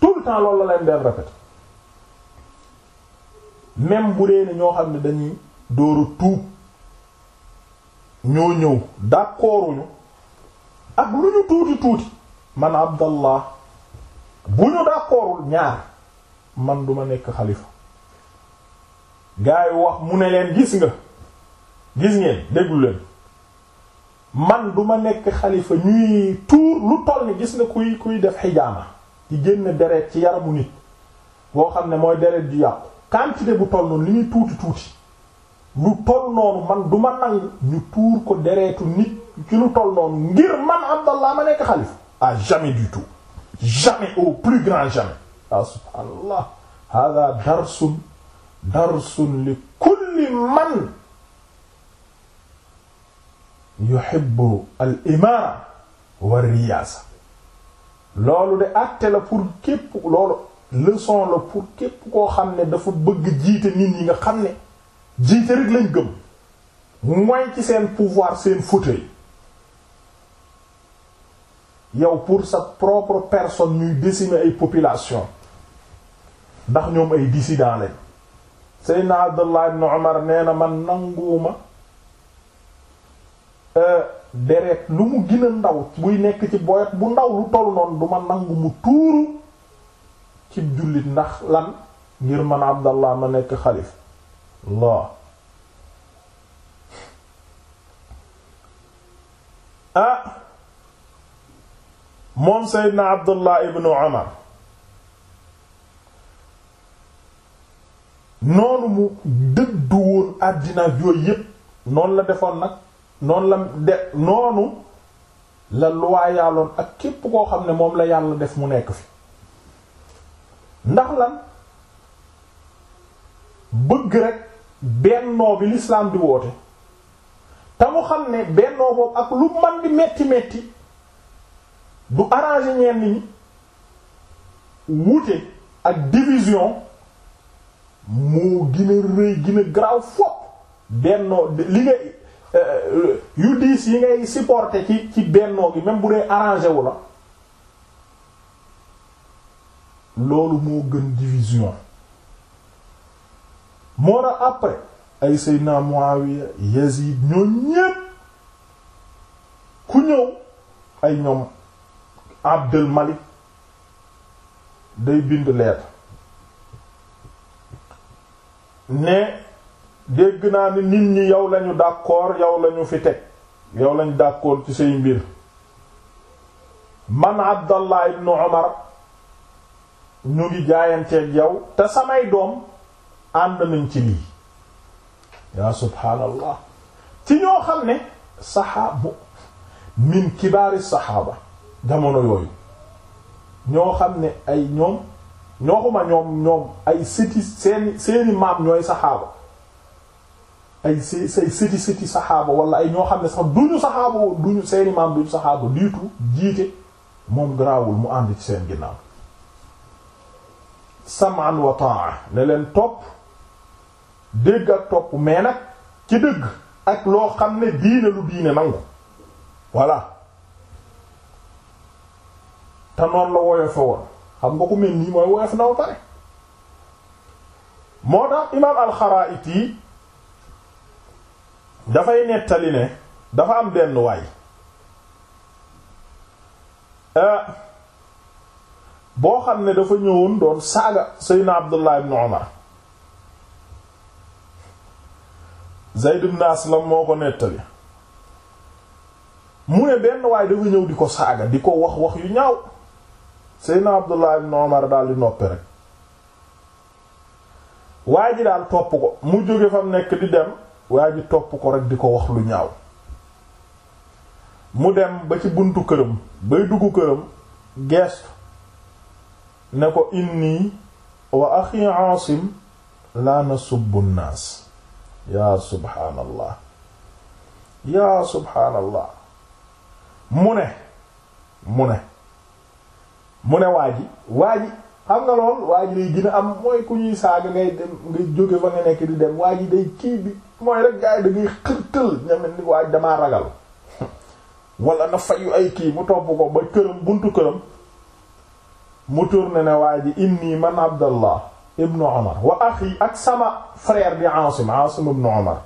tout le temps loolu la leen deen répété même bu dee ñoo xam ne dañuy dóoru tuub ñoo ñëw d'accorduñu ak lu ñu tuuti tuuti man abdallah bu ñu d'accordul ñaar man duma nekk xalifa gaa yi wax mu ne leen gis nga gis ngeen déglu leen man duma nekk xalifa ñuy tuur lu toll ni gis nga kuy kuy def xijaama di génn deret ci yaramu nit boo xam ne mooy deret ju yàqu quantité bu toll noonu li muy tuuti tuuti lu toll noonu man duma nangu ñu tuur ko deretu nit ci lu toll noonu ngir man Abdallah ma nekk xalifa a jamais du tout jamais au plus grand jamais waaw subhaanallah hada darsun darsun li kulli man yuhibbu al imaara wa riyaasa loolu de àtte la pour képp loolu leçon la pour képp koo xam ne dafa bëgg jiite nit yi nga xam ne jiite rek lañ gëm mooy ci seen pouvoir seen fauteuil yow pour sa propre personne ñuy décimer ay population ndax ñoom ay dissidents lañ Seydina Abdullah ibn Umar nee na man nanguwuma euh, deret lu mu gën a ndaw buy nekk ci boyot bu ndaw lu toll noonu duma nangu mu tuuru ci jullit ndax lan ngir man Abdallah ma nekk xalifa Allah ah moom Seydina Abdullah ibn Umar noonu mu dëddu woon àddina yooyu yépp noonu la defoon nag noonu la de noonu la luwaayaaloon ak képp koo xam ne moom la yàlla def mu nekk fi ndax lan bëgg rek bennoo bi l'islam di woote te xam ne bennoo boobu ak lu man di metti metti du arranger ñenn ñi wute ak division moo gën a rëy gën a garaaw fopp bennoo li nga euh, yu diis yi ngay supporter ci ci bennoo gi même bu dee arrangé wu la loolu moo gën division moo tax après ay Seydina Muawiya Yazid ñoo ñépp ku ñëw ay ñoom Abdul Malik day bind lettre ne dégg naa ni nit ñi yow lañu d'accord yow lañu fi teg yow lañu d'accord ci say mbir man Abdallah ibn Umar ñu ngi jaayanteeg yow te samay doom ànd nañ ci lii yaa subhaanallah ci ñoo xam ne saxaabu min kibaari saxaaba jamono yooyu ñoo xam ne ay ñoom ñoo xuma ñoom ñoom ay sëti seeni seeni maam ñooy saxaaba ay say sëti saxaaba wala ay ñoo xam ne sax duñu saxaaba duñu seeni maam duñu saxaaba diitu jiite moom garaawul mu ànd ci seen ginnaaw sam'an wa ta'a ne leen topp dégg ak topp mais nag ci dëgg ak loo xam ne diine lu diine nangu voilà te noonu la woyofe woon xam nga ku mel nii mooy woyof na ba pare moo tax imaam alxaraiti dafay nettali ne dafa am benn waay euh, boo xam ne dafa ñëwoon doon saaga seydna abdullah ibn umar zayd ibn aslam moo ko nettali mu ne benn waay dafa ñëw di ko saaga di ko wax wax yu ñaaw Seydina Abdullah ibn Omar daal di noppi rek waa ji daal topp ko mu jóge fam nekk di dem waa ji topp ko rek di ko wax lu ñaaw mu dem ba ci buntu këram bay dugg këram geestu ne ko inni wa axi Aasim laa nasubbu nnaas yaa subhaanallah yaa subhaanallah mu ne mu ne mu ne waa ji waa xam nga lool waa ji day gën a am mooy ku ñuy saaga ngay dem ngay jóge fa nga nekk di dem waa ji day kii bi mooy rek gars yi da ngay xërtal ñamet ni waa damaa ragal wala na yu ay kii mu topp ko ba këram buntu këram mu tourné ne waa ji inni man abdallah ibnu omar wa ak sama frère bi asim asim ibnu omar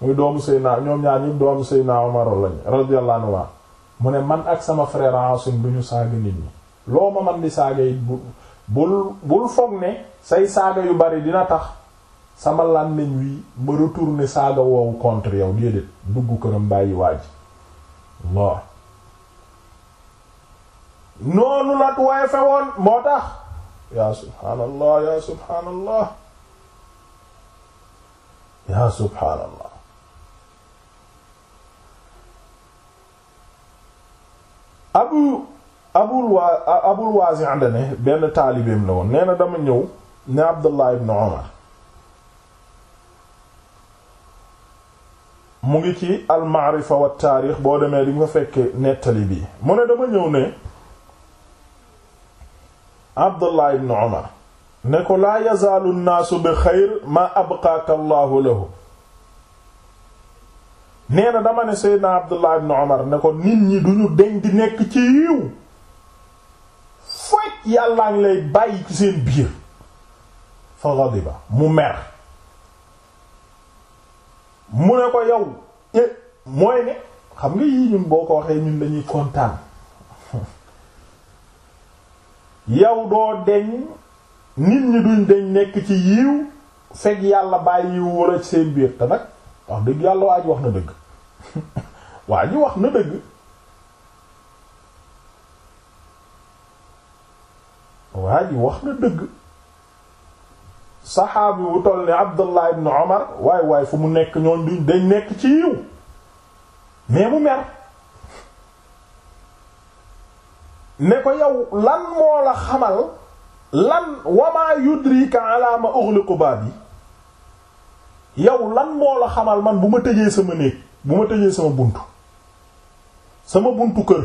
muy doomu Seydina ñoom ñaar ñi doomu Seydina omar lañ radiyallahu anhu mu ne man ak sama frère asim duñu saaga nit ñi loo ma man di saaga it bu bul bul foog ne say saaga yu bari dina tax sama làmmiñ wi ma retourner saaga woowu contre yow déedéet dugg këram bàyyi waaj waaw noonu la waaye fe moo tax yaa subhaanallah yaa subhaanallah abu abul waa abul waazi andane benn taalibeem la woon nee na dama ñëw ne abdullah ibn omar mu ngi ci al maarifa wa taarix boo demee di nga fa fekk nettali bi mu ne dama ñëw ne abdullah ibn omar ne ko laa yazaalu nnaasu bi xeyr ma abqaaka allahu lahu nee na dama ne seydna abdullah ibn omar ne ko nit ñi duñu deñ di nekk ci yiw yàllaa ngi lay bàyyi ci seen biir fa ghadiba mu mer mu ne ko yow eh, mooy ne xam nga yii ñun boo ko waxee ñun dañuy kontaan yow doo deñ nit ñi duñ deñ nekk ci yiw fekk yàlla bàyyi yiw wala ci seen biir te nag wax dëgg yàlla waa ji wax na dëgg waa ji wax na dëgg waa ji wax na dëgg saxaabi bu toll ni Abdullah ibn Omar waay waay fu mu nekk ñoon duñ dañ nekk ci yiw mais mu mer ne ko yow lan moo la xamal lan wamaa yudrika ala ma yi yow lan moo la xamal man bu ma tëjee sama néeg bu ma tëjee sama buntu sama buntu kër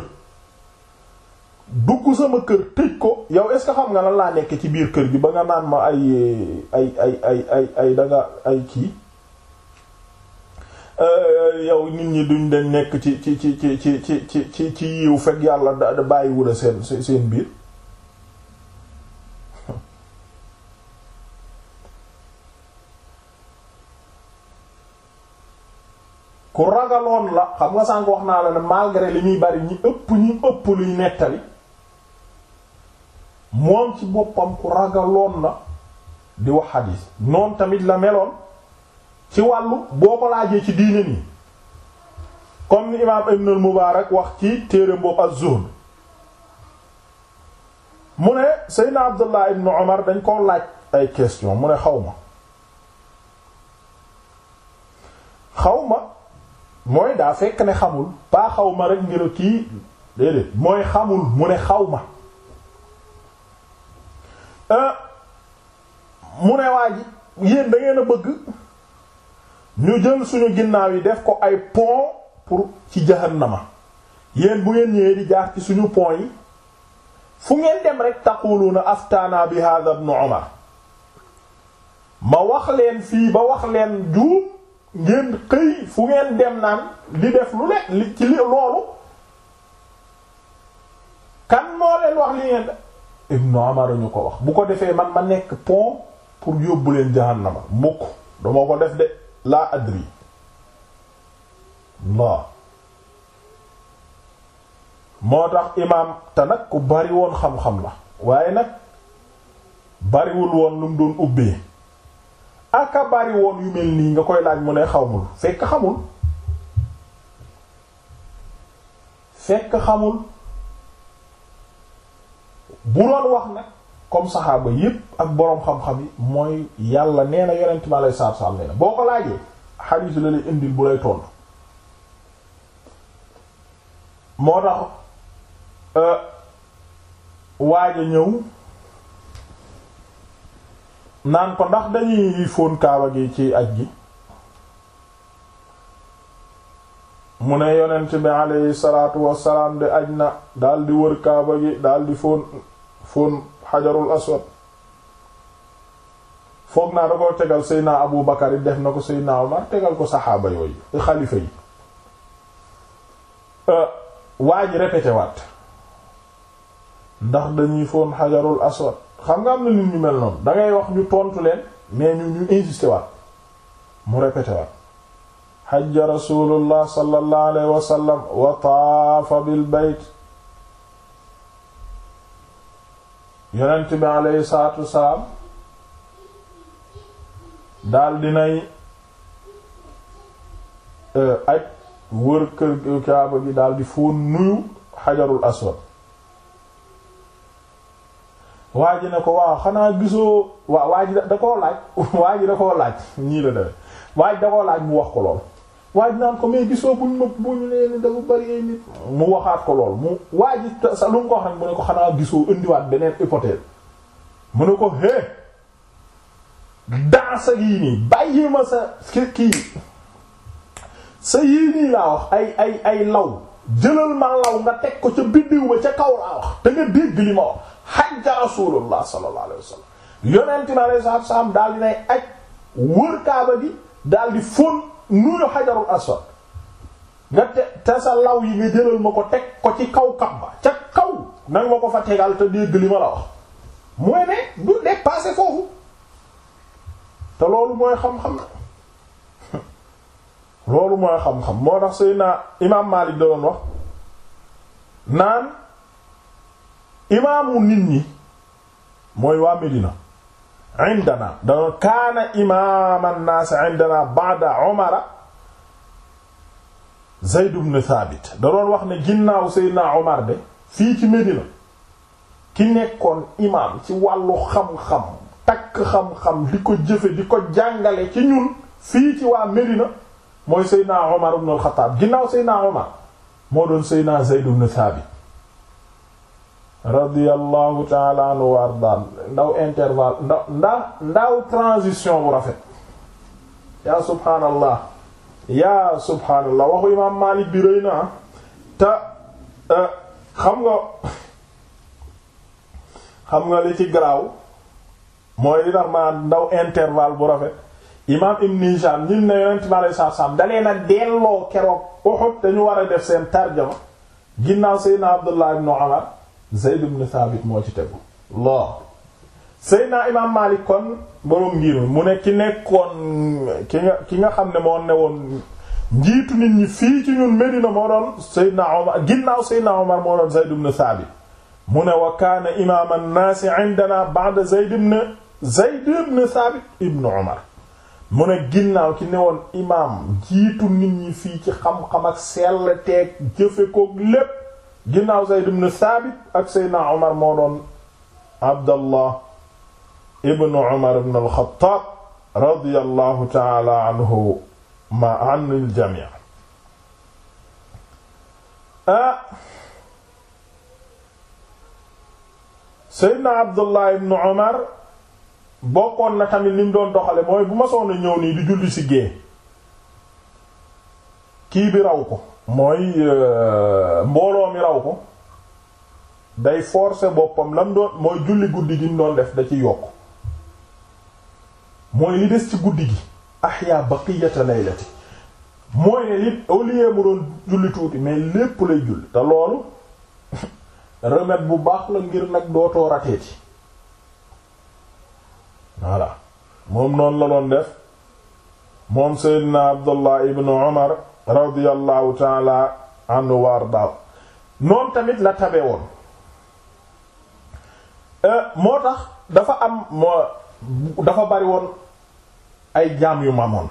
dugg sama kër tëj ko yow est ce que xam nga lan laa nekk ci biir kër gi ba nga naan ma ay ay ay ay ay ay kii euh, yow nit ñi duñ dañ nekk ci ci ci ci ci ci ci ci ci yiw fekk yàlla da bàyyiwul a seen seen biir ku ragaloon la xam nga sànk wax naa la ne malgré li ñuy bari ñi ëpp ñi ëpp luy nettali moom ci boppam ku lool la di wax xadiis noonu tamit la meloon ci wàllu boo ko laajee ci diine nii comme ni imaam ibnul mubaarak wax ci téere boobu az-zuhd mu ne seydna abdullah ibnu omar dañ koo laaj ay question mu ne xaw ma xaw ma mooy daa fekk ne xamul pas xaw ma rek ngir kii déedéet mooy xamul mu ne xaw ma mu ne waa ji yéen da ngeen a bëgg ñu jël suñu ginnaaw yi def ko ay pont pour ci jahannama yéen bu ngeen ñëwee di jaar ci suñu pon yi fu ngeen dem rek taquluuna aftaana bi hadha ibn umar ma wax leen fii ba wax leen juum ngeen xëy fu ngeen dem naan li def lu le li ci li loolu kan moo leen wax li ngeen ibnu Umar ñu ko wax bu ko defee man ma nekk pont pour yóbbu leen jahannama mukk dama ko def de laa adri waaw moo tax imaam te nag ku bari woon xam-xam la waaye nag bariwul woon lu doon ubbee aka bari woon yu mel nii nga koy laaj mu ne xawmul fekk xamul fekk xamul bu doon wax nag comme saxaaba yépp ak boroom xam-xam yi mooy yàlla nee na yonent mi alayhi salaatu salaam nee boo ko laajee xadiis la lay indil bu lay tontu moo tax euh, waaj ñëw naan ko ndax dañuy fóon kaaba gi ci aj gi mu ne yonent bi aleyhi salaatu wassalaam di aj na daldi wër kaaba gi di fóon fóon xajarul aswad foog naa da ko tegal seydna abu bakar def na ko seydna omar tegal ko saxaaba yooyu xalifa yi euh, waa ji répété waat ndax dañuy fóon xajarul aswad xam nga am na nit ñu mel noonu dangay wax ñu tontu leen mais ñu ñu insisté waat mu répété waat xajja rasulullah sallallahu alayhi wa taafa bil bayt yonent bi alayhi salaatu wasalaam daal dinay eh, aj wër kër kaaba gi daal di foo nuyu xajarul aswad waa ji ne ko waaw xanaa gisoo waa waa ji da koo laaj waa ji da laaj ñii la deme waa ji da laaj mu wax ko lool waaj naan ko mais gisoo buñ ma buñ leen dafa bari ay nit mu waxaat ko lool mu waaj sa lu ko wax mu ne ko xanaa gisoo indiwaat beneen hypothèse mu ne ko hé sa yii nii bàyyi ma sa kii sa yii nii laa wax ay ay ay law jëlal ma law nga teg ko ca biddiw ma ca kaw laa wax te nga dégg li ma wax xajja rasulullah sallallahu alayhi wa sallam yonente mi alei salatu salaam daal dinay aj wër kaaba gi daal di fóon nuyu xajarul aswad nga te te sa law yi nga jëlal ma ko teg ko ci kaw kamba ca kaw nag ma ko fa tegal te dégg li ma la wax mooy ne du dépasser foofu te loolu mooy xam-xam na loolu mooy xam-xam moo tax sëy naa imaam Maalik doon wax naan imaamu nit ñi mooy waa Medina indana danoon imaam an-naas indana ba'da Umar Zayd Thabit da doon wax ne ginnaaw Seydina Umar de fii ci Medina ki nekkoon imaam ci wàllu xam-xam takk xam-xam di ko jëfe di ko jàngale ci ñun fii ci waa Medina mooy Seydina Umar ibn al-Khattab ginnaaw Seydina Umar moo doon Seydina Zayd ibn Thabit radiyallahu taala anhu wa arda ndaw transition bu rafet yaa subhaanallah yaa subhaanallah waxu imaam Maalik bi na ah. te eh, xam nga xam nga li ci garaaw mooy li tax ma ndaw intervalle bu rafet imaam Ibn Hisham ñin ne yonent bi alei satu dalee na delloo keroog Uhud dañu war def seen tarjama ginnaaw Seydina Abdullah ibn Umar Zayd ibn Thabit moo ci tegu Allah Seydina Imaam Maalik kon boroom ngir mu ne ki nekkoon ki nga ki nga xam ne moo ne woon njiitu nit ñi fii ci Medina moo doon Seydina Omar ginnaaw Seydina Omar moo doon Thabit mu ne wa kaana imaam an-naas 'indanaa ba'da Zayd Thabit ibn Omar mu ne ginnaaw ki ne woon imaam njiitu nit ñi fii ci xam-xam ak sell teeg ginnaaw Zayd ibn Thabit ak Seydina Omar moo doon Abdallah ibn Omar ibn al-Khattab radiyallahu ta'ala anhu ma anil jami' ah na tamit li mu doon doxale mooy bu ma soona ñëw nii di julli si gée kii bi raw ko mooy euh, mbooloo mi raw ko day forcer boppam lam doon mooy julli guddi gi mu doon def da ci yokk mooy li des ci guddi gi ahya baqiyata laylati mooy ne li au lieu mu doon julli tuuti mais lépp lay julli te loolu remède bu baax la ngir nag dootoo rateeti voilà moom noonu la doon def moom Seydina Abdullah ibn Umar radiyallahu taala anhu wa tamit la tabe woon euh, moo tax dafa am moo dafa bari woon ay jaam yu mamoon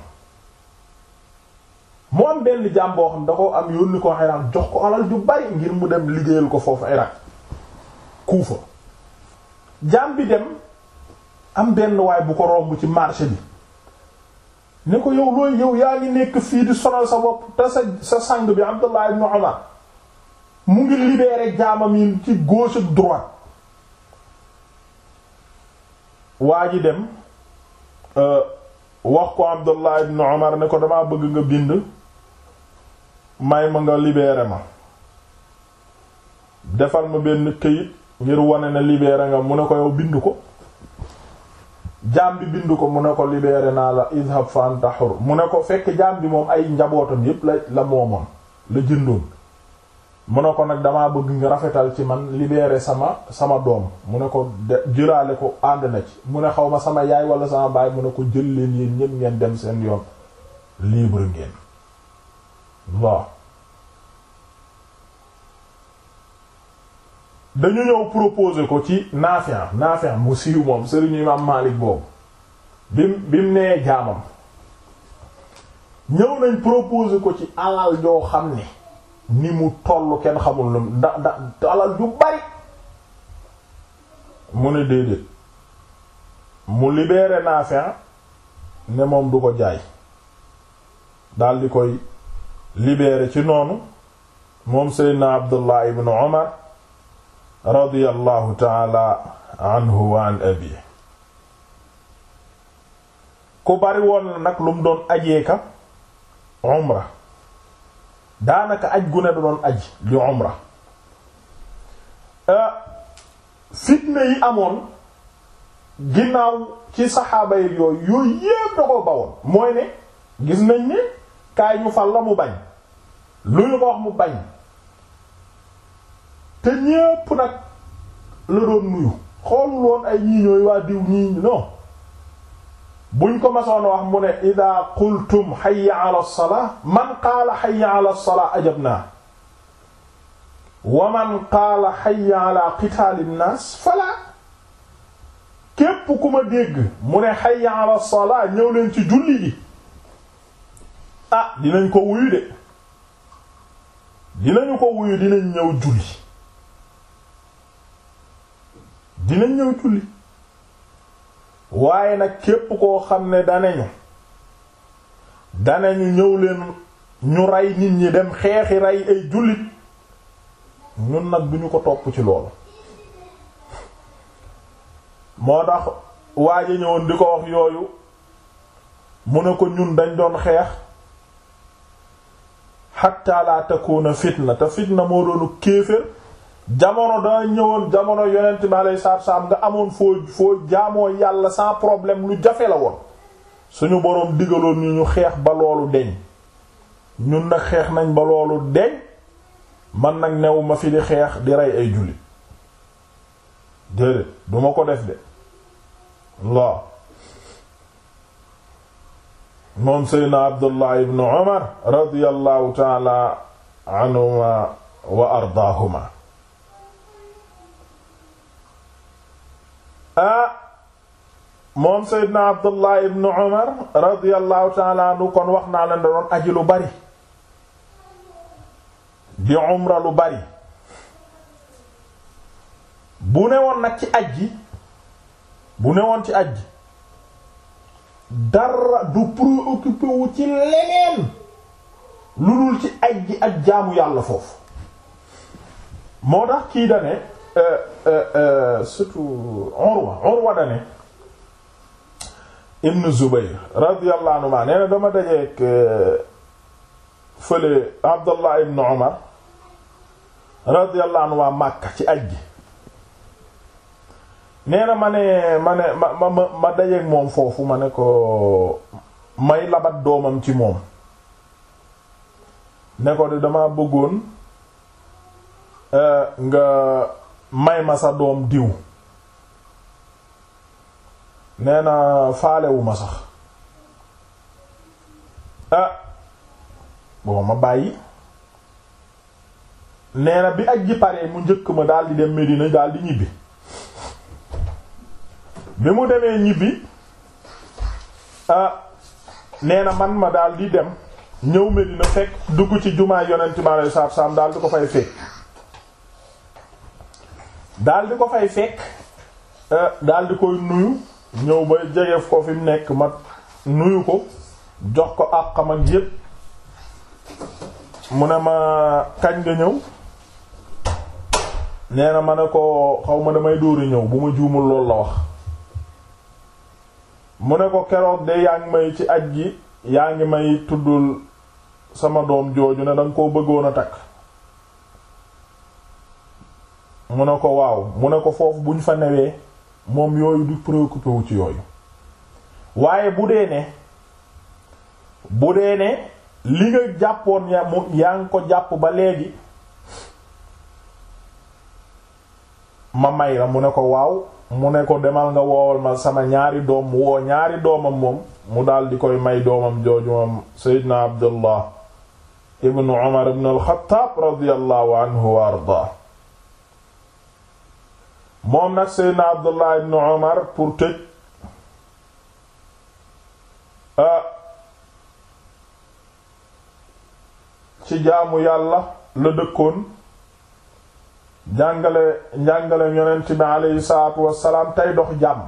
mu am benn jaam boo xam da ko am yónni ko Irak jox ko alal ju bari ngir mu dem liggéeyal ko foofu Irak Kuufa jaam bi dem am benn waay bu ko romb ci marché bi ne ko yow looy yow yaa ngi nekk fii di sonal sa bopp te sa sang bi Abdullah ibn Umar mu ngi libéré jaamam yi ci gauche ak droite waa ji dem euh, wax ko Abdullah ibn Umar ne ko damaa bëgg nga bind may ma nga libéré ma defal ma benn këyit ngir wane ne libéré nga mu ne ko yow bind ko jaam bi bind ko mu ne ko libéré naa la izhab fa anta mu ne ko fekk jaam bi moom ay njabootam yépp la la moomoon la jëndoon mu ne ko nag damaa bëgg nga rafetal ci man libéré sama sama doom mu ne ko jëlaale ko ànd na ci mu ne xaw ma sama yaay wala sama baay mu ne ko jël leen yéen ñépp ngeen dem seen yoon libre ngeen waaw dañu ñëw propose ko ci Naafi' Naafi' mu siiw moom sëriñu imaam Maalik boobu bim bim nee jaamam ñëw nañ proposer ko ci alal joo xam ni mu toll kenn xamul lu da da alal ju bari mu ne déedéet mu libéré Naafi' ne moom du ko jaay daal di koy libéré ci noonu moom Seydina Abdullah ibn Omar radiyallahu taala anhu wa abi ku bari woon na nag lu mu doon ajee ka daanaka aj gu ne da doon aj li umra euh, fitne yi amoon ginnaaw ci saxaaba yi yooyu yooyu yépp da ko bawoon mooy ne gis nañ ni kaay ñu fal la mu bañ lu ñu mu bañ te ñépp nag la doon nuyu xoolul woon ay ñii waa diw ñii non buñ ko masoon wax mu ne ida qultum hayya ala salaa man qaala hayya ala salaa ajabnaa wa man qaala hayya ala qitaali nnaas falaa képp ku ma dégg mu ne hayya ala salaa ñëw leen ci julli ji ah dinañ ko wuyu de dinañu ko wuyu dinañ ñëw julli dinañ ñëw julli waaye nag képp koo xam ne danañu danañu ñëw leen ñu rey nit ñi dem xeexi rey ay jullit ñun nag ñu ko topp ci loolu moo tax waaja ñëwoon di ko wax yooyu mu ne ko ñun dañ doon xeex hatta la takuna fitna te fitna moo doonu kéefër jamono daa ñëwoon jamono yonent bi alayhi salaatu salaam nga amoon foo foo jaamoo yàlla sans problème lu jafe la woon suñu boroom digaloon ñu ñu xeex ba loolu deñ ñun nag xeex nañ ba loolu deñ man nag new ma fi di xeex di rey ay jullit déedéet duma ko def de waaw moom seydna Abdullah ibn Umar radiyallahu taala wa ardaahuma ah moom Seydina Abdullah ibn Umar radiyallahu ta'ala kon wax naa leen da doon aji lu bari di umra lu bari bu ne woon nag ci gi bu ne woon ci aji dara du préoccupé wu ci leneen lu dul ci aji ak jaamu yàlla foofu moo tax kii da ne Euh, euh, euh, surtout Urwa Urwa dane ibn Zubayr radiyallahu anhu ma dama dajeek fële Abdullah ibn Umar radiyallahu anhu Makka ci aj gi nee na ma ne ma ne ma ma ma ma dajeek moom foofu ma ne ko may labat doomam ci moom ne ko de dama bëggoon nga may ma sa doom diw nee na faalewu ma sax ah boo ma bàyyi nee bi ak ji pare mu njëkk ma daal di dem Medina daal di ñibbi bi mu demee ñibbi a ah, nee na man ma daal di dem ñëw Medina fekk dugg ci jumaa yonent mi alayhi salaatu salaam daal di ko fay fekk daldi ko fay fekk eh, daldi di koy nuyu ñëw ba jegeef ko fi mu nekk mag nuyu ko jox ko àqam ak yépp mu ne ma kañ nga ñëw nee na ma ne ko xaw ma damay dóori ñëw bu ma juumul loolu la wax mu ne ko keroog de yaa ngi may ci aj gi yaa ngi may tuddul sama doom jooju ne danga koo bëggoon a takk mu ne ko waaw mu ne ko foofu buñ fa newee moom yooyu du préoccupé wu ci yooyu waaye bu dee ne bu dee ne li nga jàppoon ya mu yaa ngi ko jàpp ba léegi ma may la mu ne ko waaw mu ne ko demal nga woowal ma sama ñaari doom mu woo ñaari doomam moom mu daal di koy may doomam jooju moom Seydina Abdullah ibnu Umar ibnu al-Khattab anhu wa ardaa moom nag seydna abdullah ibn omar pour tëj euh, ci jaamu yàlla la dëkkoon jàngale njàngale yonent bi aleyhi salaatu wassalaam tey dox jàmm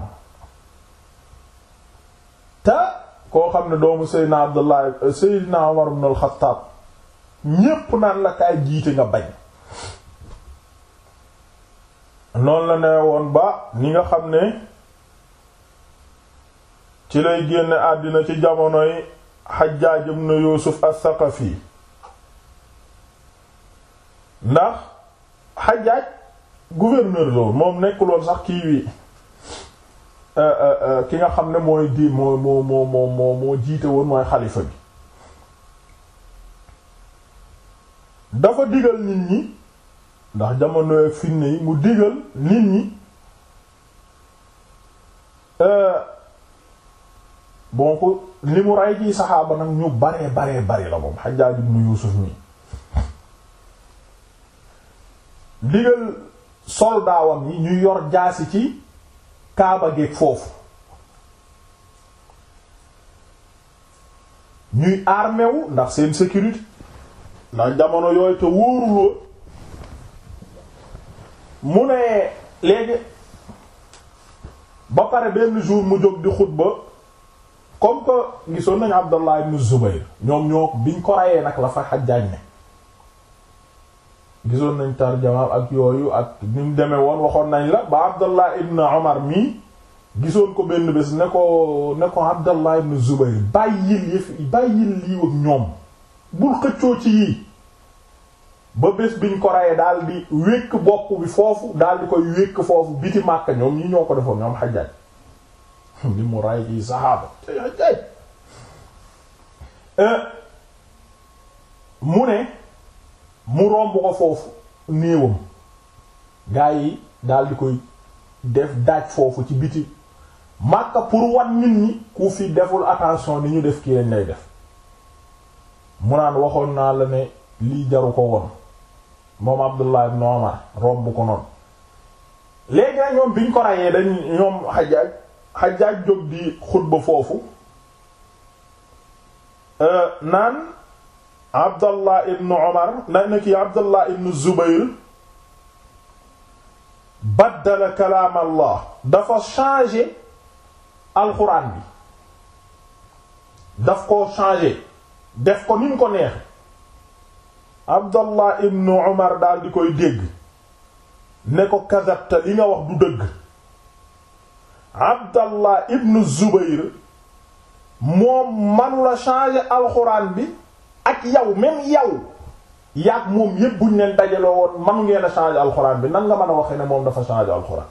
te koo xam ne doomu seydna abdullah seydna omar ibn al ñépp naan la kaay jiite nga bañ noonu la nee woon ba ni nga xam ne ci lay génne àddina ci jamonoy Hajjaaj ibn Yuusuf as-Saqafi ndax Hajjaaj gouverneur la woon moom nekkuloon sax kii wi euh, euh, euh, ki nga xam ne mooy di moo moo moo moo moo moo jiite woon mooy xalifa bi dafa digal nit ñi ndax jamono fitna yi mu digal nit ñi euh, bon ko li mu rey ci saxaaba nag ñu baree baree bari la moom Hajjaaj ibnu Yuusuf mi digal soldaawam yi ñuy yor jaasi ci kaaba géeg foofu ñuy armé ndax seen sécurité ndax jamono yooyu te wóoruloo mu ne léegi ba pare benn jour mu jóg di xutba comme que gisoon nañ Abdallah ibn Zubayr ñoom ñoo biñ ko rayee nag la fa Hajjaj ne gisoon nañ tarjamaam ak yooyu ak ni mu demee woon waxoon nañ la ba Abdallah ibn Omar mii gisoon ko benn bés ne ko ne ko Abdallah ibn Zubayr bàyyil yëf bàyyil lii ak ñoom bul xëccoo ci yii ba bés biñ ko rayee daal di wékk bokk bi foofu daal di koy wékk foofu biti màkk ñoom ñi ñoo ko defoon ñoom xajaaj li mu ray ci saxaaba te xajaaj euh, mu ne mu romb ko foofu néewam gaa yi daal koy def daaj foofu ci biti màkka pour wan nit ñi ku fi deful attention ni ñu def kii lañ lay def mu naan waxoon naa la ne lii jaru ko woon moom Abdullah ibn Umar romb ko noonu léegi nag ñoom biñ ko rayee dañ ñoom Hajjaj Hajjaj jóg di xutba foofu euh, naan Abdallah ibn Umar na na ki Abdallah ibn Zubayr baddala kalaam Allah dafa changer alxuraan bi daf ko changer def ko ni mu ko neex abdallah ibnu umar daal di koy dégg ne ko kadabta yi nga wax du dëgg abdallah ibnu zubayr moom manula changer alxuraan bi ak yow même yow yaag moom yépp buñ leen dajaloo woon manu ngeen a changer alxuraan bi nan nga mën a waxee ne moom dafa changer alxuraan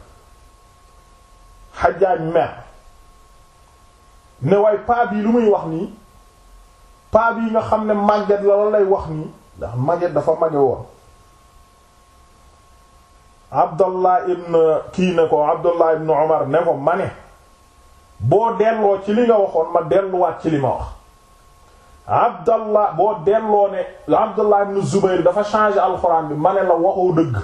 xajaaj mer ne waaye paa bii lu muy wax nii paa yi nga xam ne màgget la la lay wax nii ndax dafa mage woon abdallah ibn kii ne ko abdallah ibn omar ne ko ma boo delloo ci li nga waxoon ma delluwaat ci li ma wax abdallah boo delloo ne abdallah ibn zubayr dafa changé alxuraan bi mane la waxoo dëgg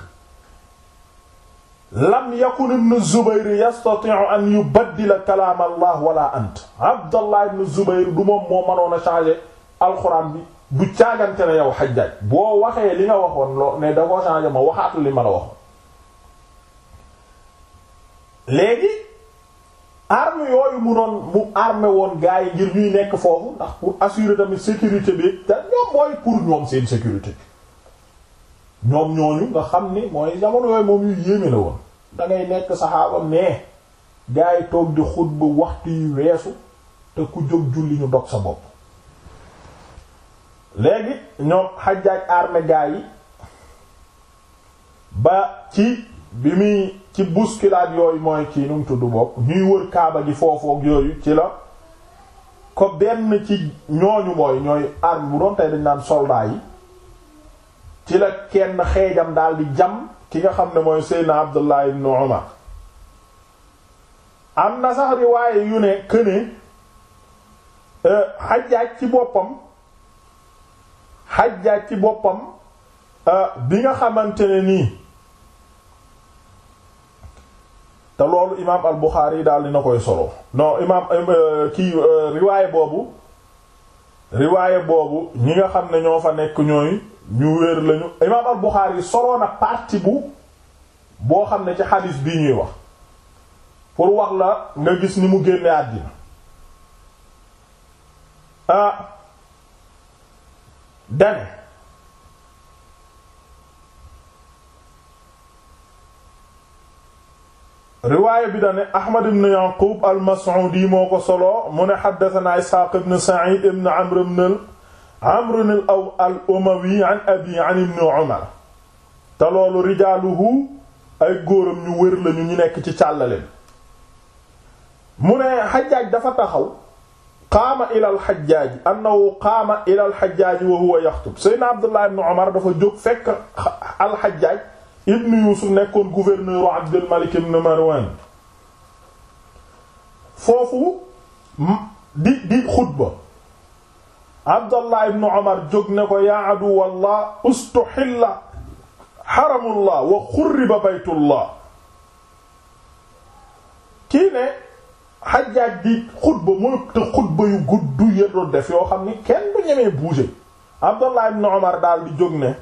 lam yakun ibn zubayr yastati'u an yubaddila kalaam allah wala ant abdallah ibn zubayr du moom moo mënoon a alxuraan bi bu caagante ne yow xajjaaj boo waxee li nga waxoon loo ne da ko changé ma waxaatu li ma la waxoon léegi arme yooyu mu doon mu armé woon gars yi ngir ñuy nekk foofu ndax pour assurer tamit sécurité bi te ñoom mooy pour ñoom seen sécurité ñoom ñooñu nga xam ni mooy jamono yooyu moom yu yéeme la woon da ngay nekk saxaaba mais gars toog di bu waxtu yu weesu te ku jóg julli ñu dog sa bopp léegi ñoom xajjaaj armé gaa yi ba ci bi muy ci bousculade yooyu mooy kii nu mu tudd bopp ñuy wër kaaba gi foofook yooyu ci la ko benn ci ñooñu mooy ñooy arme bu doon tey dañ naan soldat yi ci la kenn xeejam daal di jam ki nga xam ne mooy Seydina Abdullah ibn Umar am na sax riwaaye yu ne këne xajjaaj euh, ci boppam xajjaaj ci boppam euh, bi nga xamante ne nii te loolu imaam al Buxaari yi daal dina koy solo non imaam euh, kii euh, riwaaye boobu riwaaye boobu ñi nga xam ne ñoo fa nekk ñooy ñu wér lañu imaam al Buxaari yi solo na partie bu boo xam ne ci xalis bi ñuy wax pour wax la nga gis ni mu génne àddina ah, dane riwaaya bi dane ahmad ibn yaqub al-mas'udi moo ko solo mu ne xaddatanaa isxaaq ibn sa'id ibn amr ibn amr al-umawi an abi an ibn umar te loolu rijaaluhu ay góoram ñu wér lañu ñu nekk ci càllale mu ne xajaaj dafa taxaw qaama ilal xajjaaj annahu qaama ilal xajjaaj wa huwa yaxtub Seydina Abdullah ibn Umar dafa jóg fekk alxajjaaj ibn Yuusuf nekkoon gouverneur Abdul Malik ibn Marwan foofu di di xutba Abdullah ibn Umar jóg ne ko yaa aduwallah ustuxilla xaramullah wa xurriba baytullah kii ne Hajjaj di xutba mooy te xutba yu gudd ya doon def yoo xam ni kenn du ñemee bouger Abdullah ibn Umar daal di jóg ne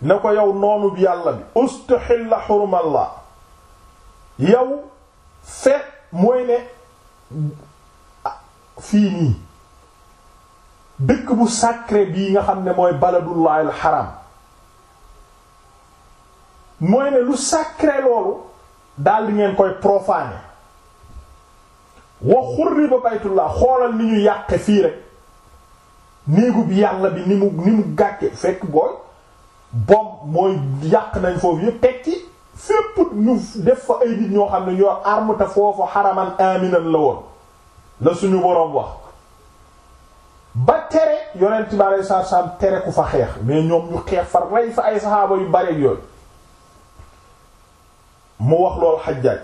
ne ko yow noonu bi yàlla bi ustahilla hurumallah yow feet mooy ne ah, fii nii dëkk bu sacré bii nga xam ne mooy baladullahi al haram mooy ne lu sacré loolu daal di ngeen koy profaner wa xurriba baytullah xoolal ni ñu yàqe fii rek néegu bi yàlla bi ni mu ni mu gàcce fekk booy bon mooy yàq nañ foofu yëpp teg ci fépp ñu def fa ay nit ñoo xam ne ñoo arme te foofu xaraman aminan la woon la suñu woroom wax ba tere yonent bi alei satu salaam tere ku fa xeex mais ñoom ñu xeex fa rey fa ay saxaaba yu bare yooyu mu wax loolu xajjaaj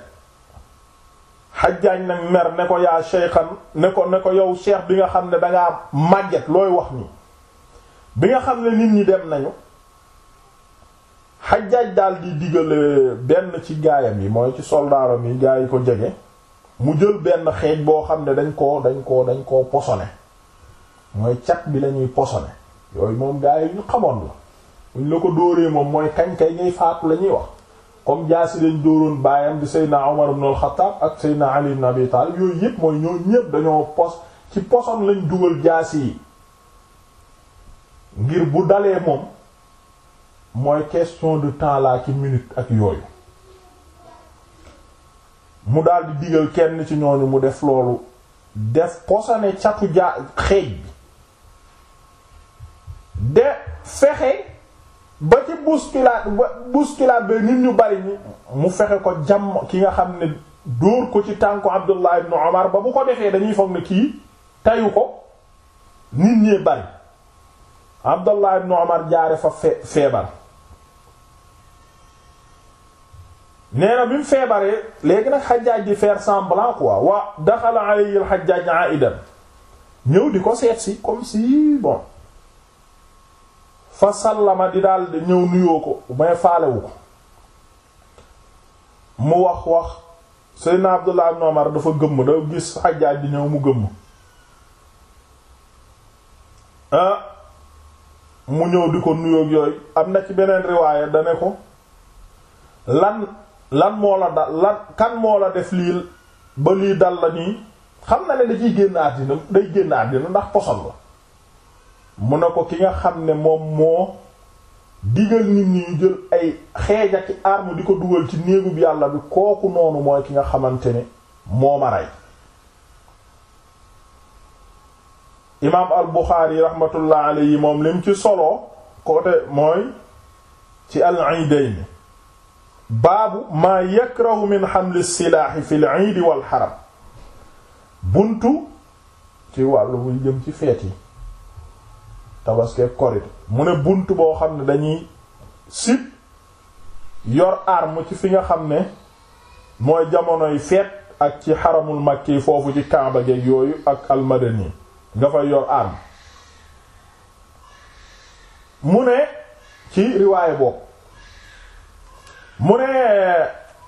xajjaaj nag mer ne ko yaa cheykhan ne ko ne ko yow cheikh bi nga xam ne dangaa màgget looy wax nii bi nga xam ne nit ñi dem nañu xajjaaj daal di digal benn ci gaayam yi mooy ci soldaaram yi gaay yi ko jege mu jël benn xeej boo xam ne dañ ko dañ koo dañ koo posone mooy cat bi lañuy posone yooyu moom gaay yi ñu xamoon la buñ la ko dóoree moom mooy kañ kay ngay faatu lañuy wax comme jaasi dañ dóoroon baayam di Seydina Omar ibn al-Khattab ak Seydina Ali ibn Abi yooyu yëpp mooy ñoo ñëpp dañoo pos ci poson lañ dugal jaasi yi ngir bu dalee moom mooy question de temps laa ci minute ak yooyu mu daal di digal kenn ci ñooñu mu def loolu def posone catu jaa xeej bi de fexe ba ci bousculade ba bousculade ba nit ñu bari mu fexe ko jàmm ki nga xam ne dóor ko ci tànku Abdullah ibn Omar ba bu ko defee dañuy foog ne kii tayu ko nit ñee bari Abdullah ibn Omar jaare fa feebar nee na bi mu feebaree léegi nag Hajjaaj di faire semblant quoi waa daxala alayhi al-Hajjaaj aidan ñëw di ko seet si comme si bon fa sallama di daal di ñëw nuyoo ko mais faalewu ko mu wax wax Seydina Abdullah ibn Umar dafa gëmm da gis Hajjaaj di ñëw mu gëmm ah, mu ñëw di ko nuyoog yooyu am na ci beneen riwaaya da ne ko lan lan moo la dal lan kan moo la def lii ba lii dal la nii xam na ne da ciy génn àddina day génn àddina ndax posol la mu ne ko ki nga xam ne moom moo digal nit ñi jël ay xeej ak arme di ko dugal ci néegub yàlla bi kooku noonu mooy ki nga xamante ne moo ma rey imaam al Buxaari raxmatullah alayhi moom lim ci solo côté mooy ci al iidayni baabu maa yakrahu min xamli silaaxi fil iidi wal xaram buntu ci wàllu buy jëm ci feet yi tabaskeeg korite mu ne bunt boo xam ne dañuy sib yor arme ci fi nga xam ne mooy jamonoy feet ak ci xaramul makki foofu ci Kaaba geeg yooyu ak almadani nga fay yor arme mu ne ci riwaaye boobu mu ne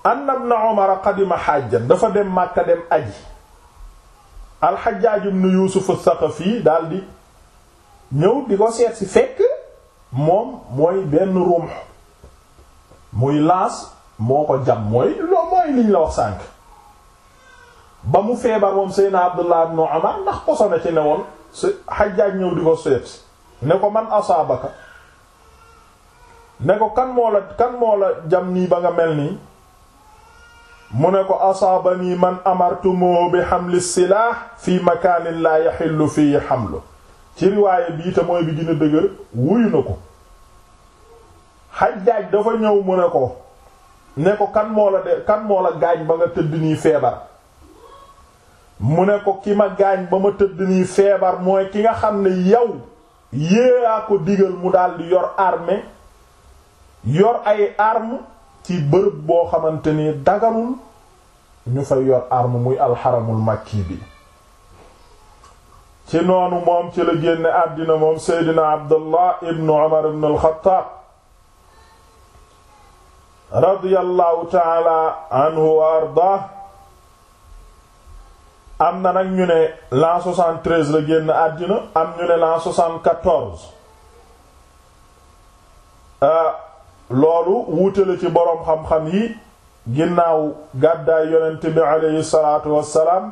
anna na Umar qadima xajjan dafa dem Makka dem aji al Hajjaj ibn Yusuf as-Saqafi daldi ñëw di ko seet si fekk moom mooy benn rumx muy laas moo ko jam mooy loo mooy liñ la wax sànk ba mu feebar moom Seydina Abdullah ibn Umar ndax poso ci ne woon si Hajjaj ñëw di ko seet ne ko man asaabaka ne ko kan moo la kan moo la jam nii ba nga mel nii mu ne ko nii man amartumoo bi hamli silaah fi makaanin laa yaxillu fii hamlu ci riwaaye bii te mooy bi dina dëgër wuyu na ko Hajjaaj dafa ñëw mu ne ko ne ko kan moo la de kan moo la gaañ ba nga tëdd nii feebar mu ne ko ki ma gaañ ba ma tëdd nii feebar mooy ki nga xam ne yow yéeyaa ko digal mu daldi yor arme yor ay arme ci bërëb boo xamante ni daganul ñu fay yor arme muy alxaramul makki bi ci noonu moom ci la génne àddina moom seydina abdullah ibnu umar ibn alxataab radiyallahu taala anhu wa ardaa am na nag ñu ne l'an la génn àddina am ñu ne l'an euh, loolu wuute la ci boroom xam-xam yi ginnaaw gàddaay yonent bi aleyhi salaatu wassalaam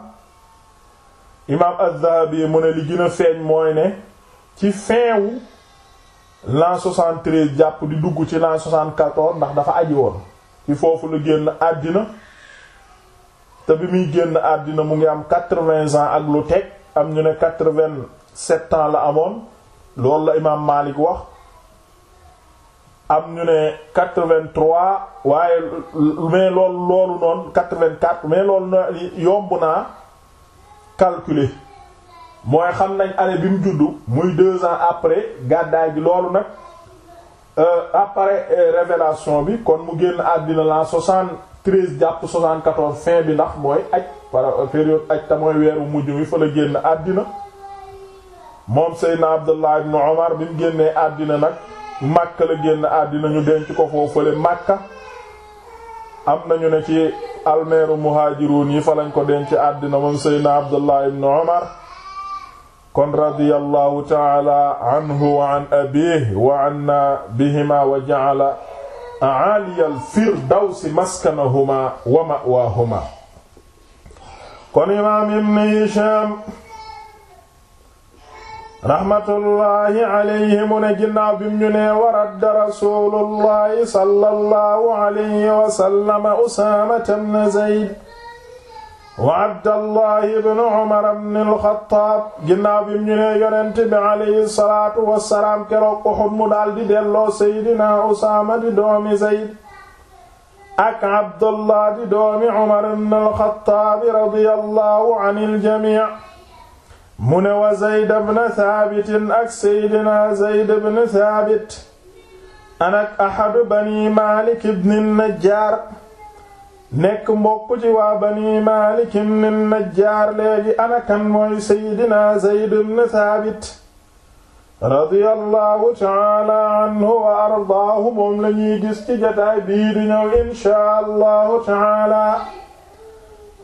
imaam az-Zahabi mu ne li gën a feeñ mooy ne ci fin wu l'an jàpp di dugg ci l'an 74 ndax dafa aji woon ci foofu la génn àddina te bi muy génn àddina mu ngi am 80 ans ak lu teg am ñu ne 87 ans la amoon loolu la imaam Malik wax am ñu ne waaye mais loolu loolu noonu 84 mais loolu yomb naa. calculer mooy xam nañ année bi mu juddu muy deux ans après gàddaay bi loolu nag euh, après euh, révélation bi kon mu génn àddina la soixante-treize jàpp soixante-quatorze fin bi ndax mooy aj par période aj te mooy weeru mujj wi fa la génn àddina moom na Abdullah ibn Omar bi mu génnee àddina nag Makka la génn àddina ñu denc ko foofule Makka am nañu ne ci almeeru muhaajiruun yi fa lañ ko denc àddina moom seydna abdullah ibn umar kon radiyallahu taala anhu wa an wa anna bihima wa ja'ala a'aliyal firdawsi maskanahuma wa ma'waahuma kon imaam ibn hisham raxmatullahi alayhi mu ne ginnaaw bim ñu ne waradda rasulullahi sallallahu alayhi wa sallam Usaamata ibn Zayd wa Abdallahi ibn Umar ibn al-Xattaab ginnaaw bim ñu ne yonent bi alayhi salaatu wa salaam keroog Uhud mu daldi delloo Seydina Usaama di doomi Zayd ak Abdallah di doomi Umar ibn al-Xattaab radiyallahu anil jamii mu ne wa Zayd ibn Thaabit ak Seydina Zayd ibn Thaabit anak ahadu bani Maalik ibn Najjaar nekk mbokk ci waa bani Maalik ibn Najjaar léegi anakan mooy Seydina Zayd ibn Thaabit radiyallahu taala anhu wa ardaahu moom lañuy gis ci jotaay bii di ñëw inshaa Allahu taala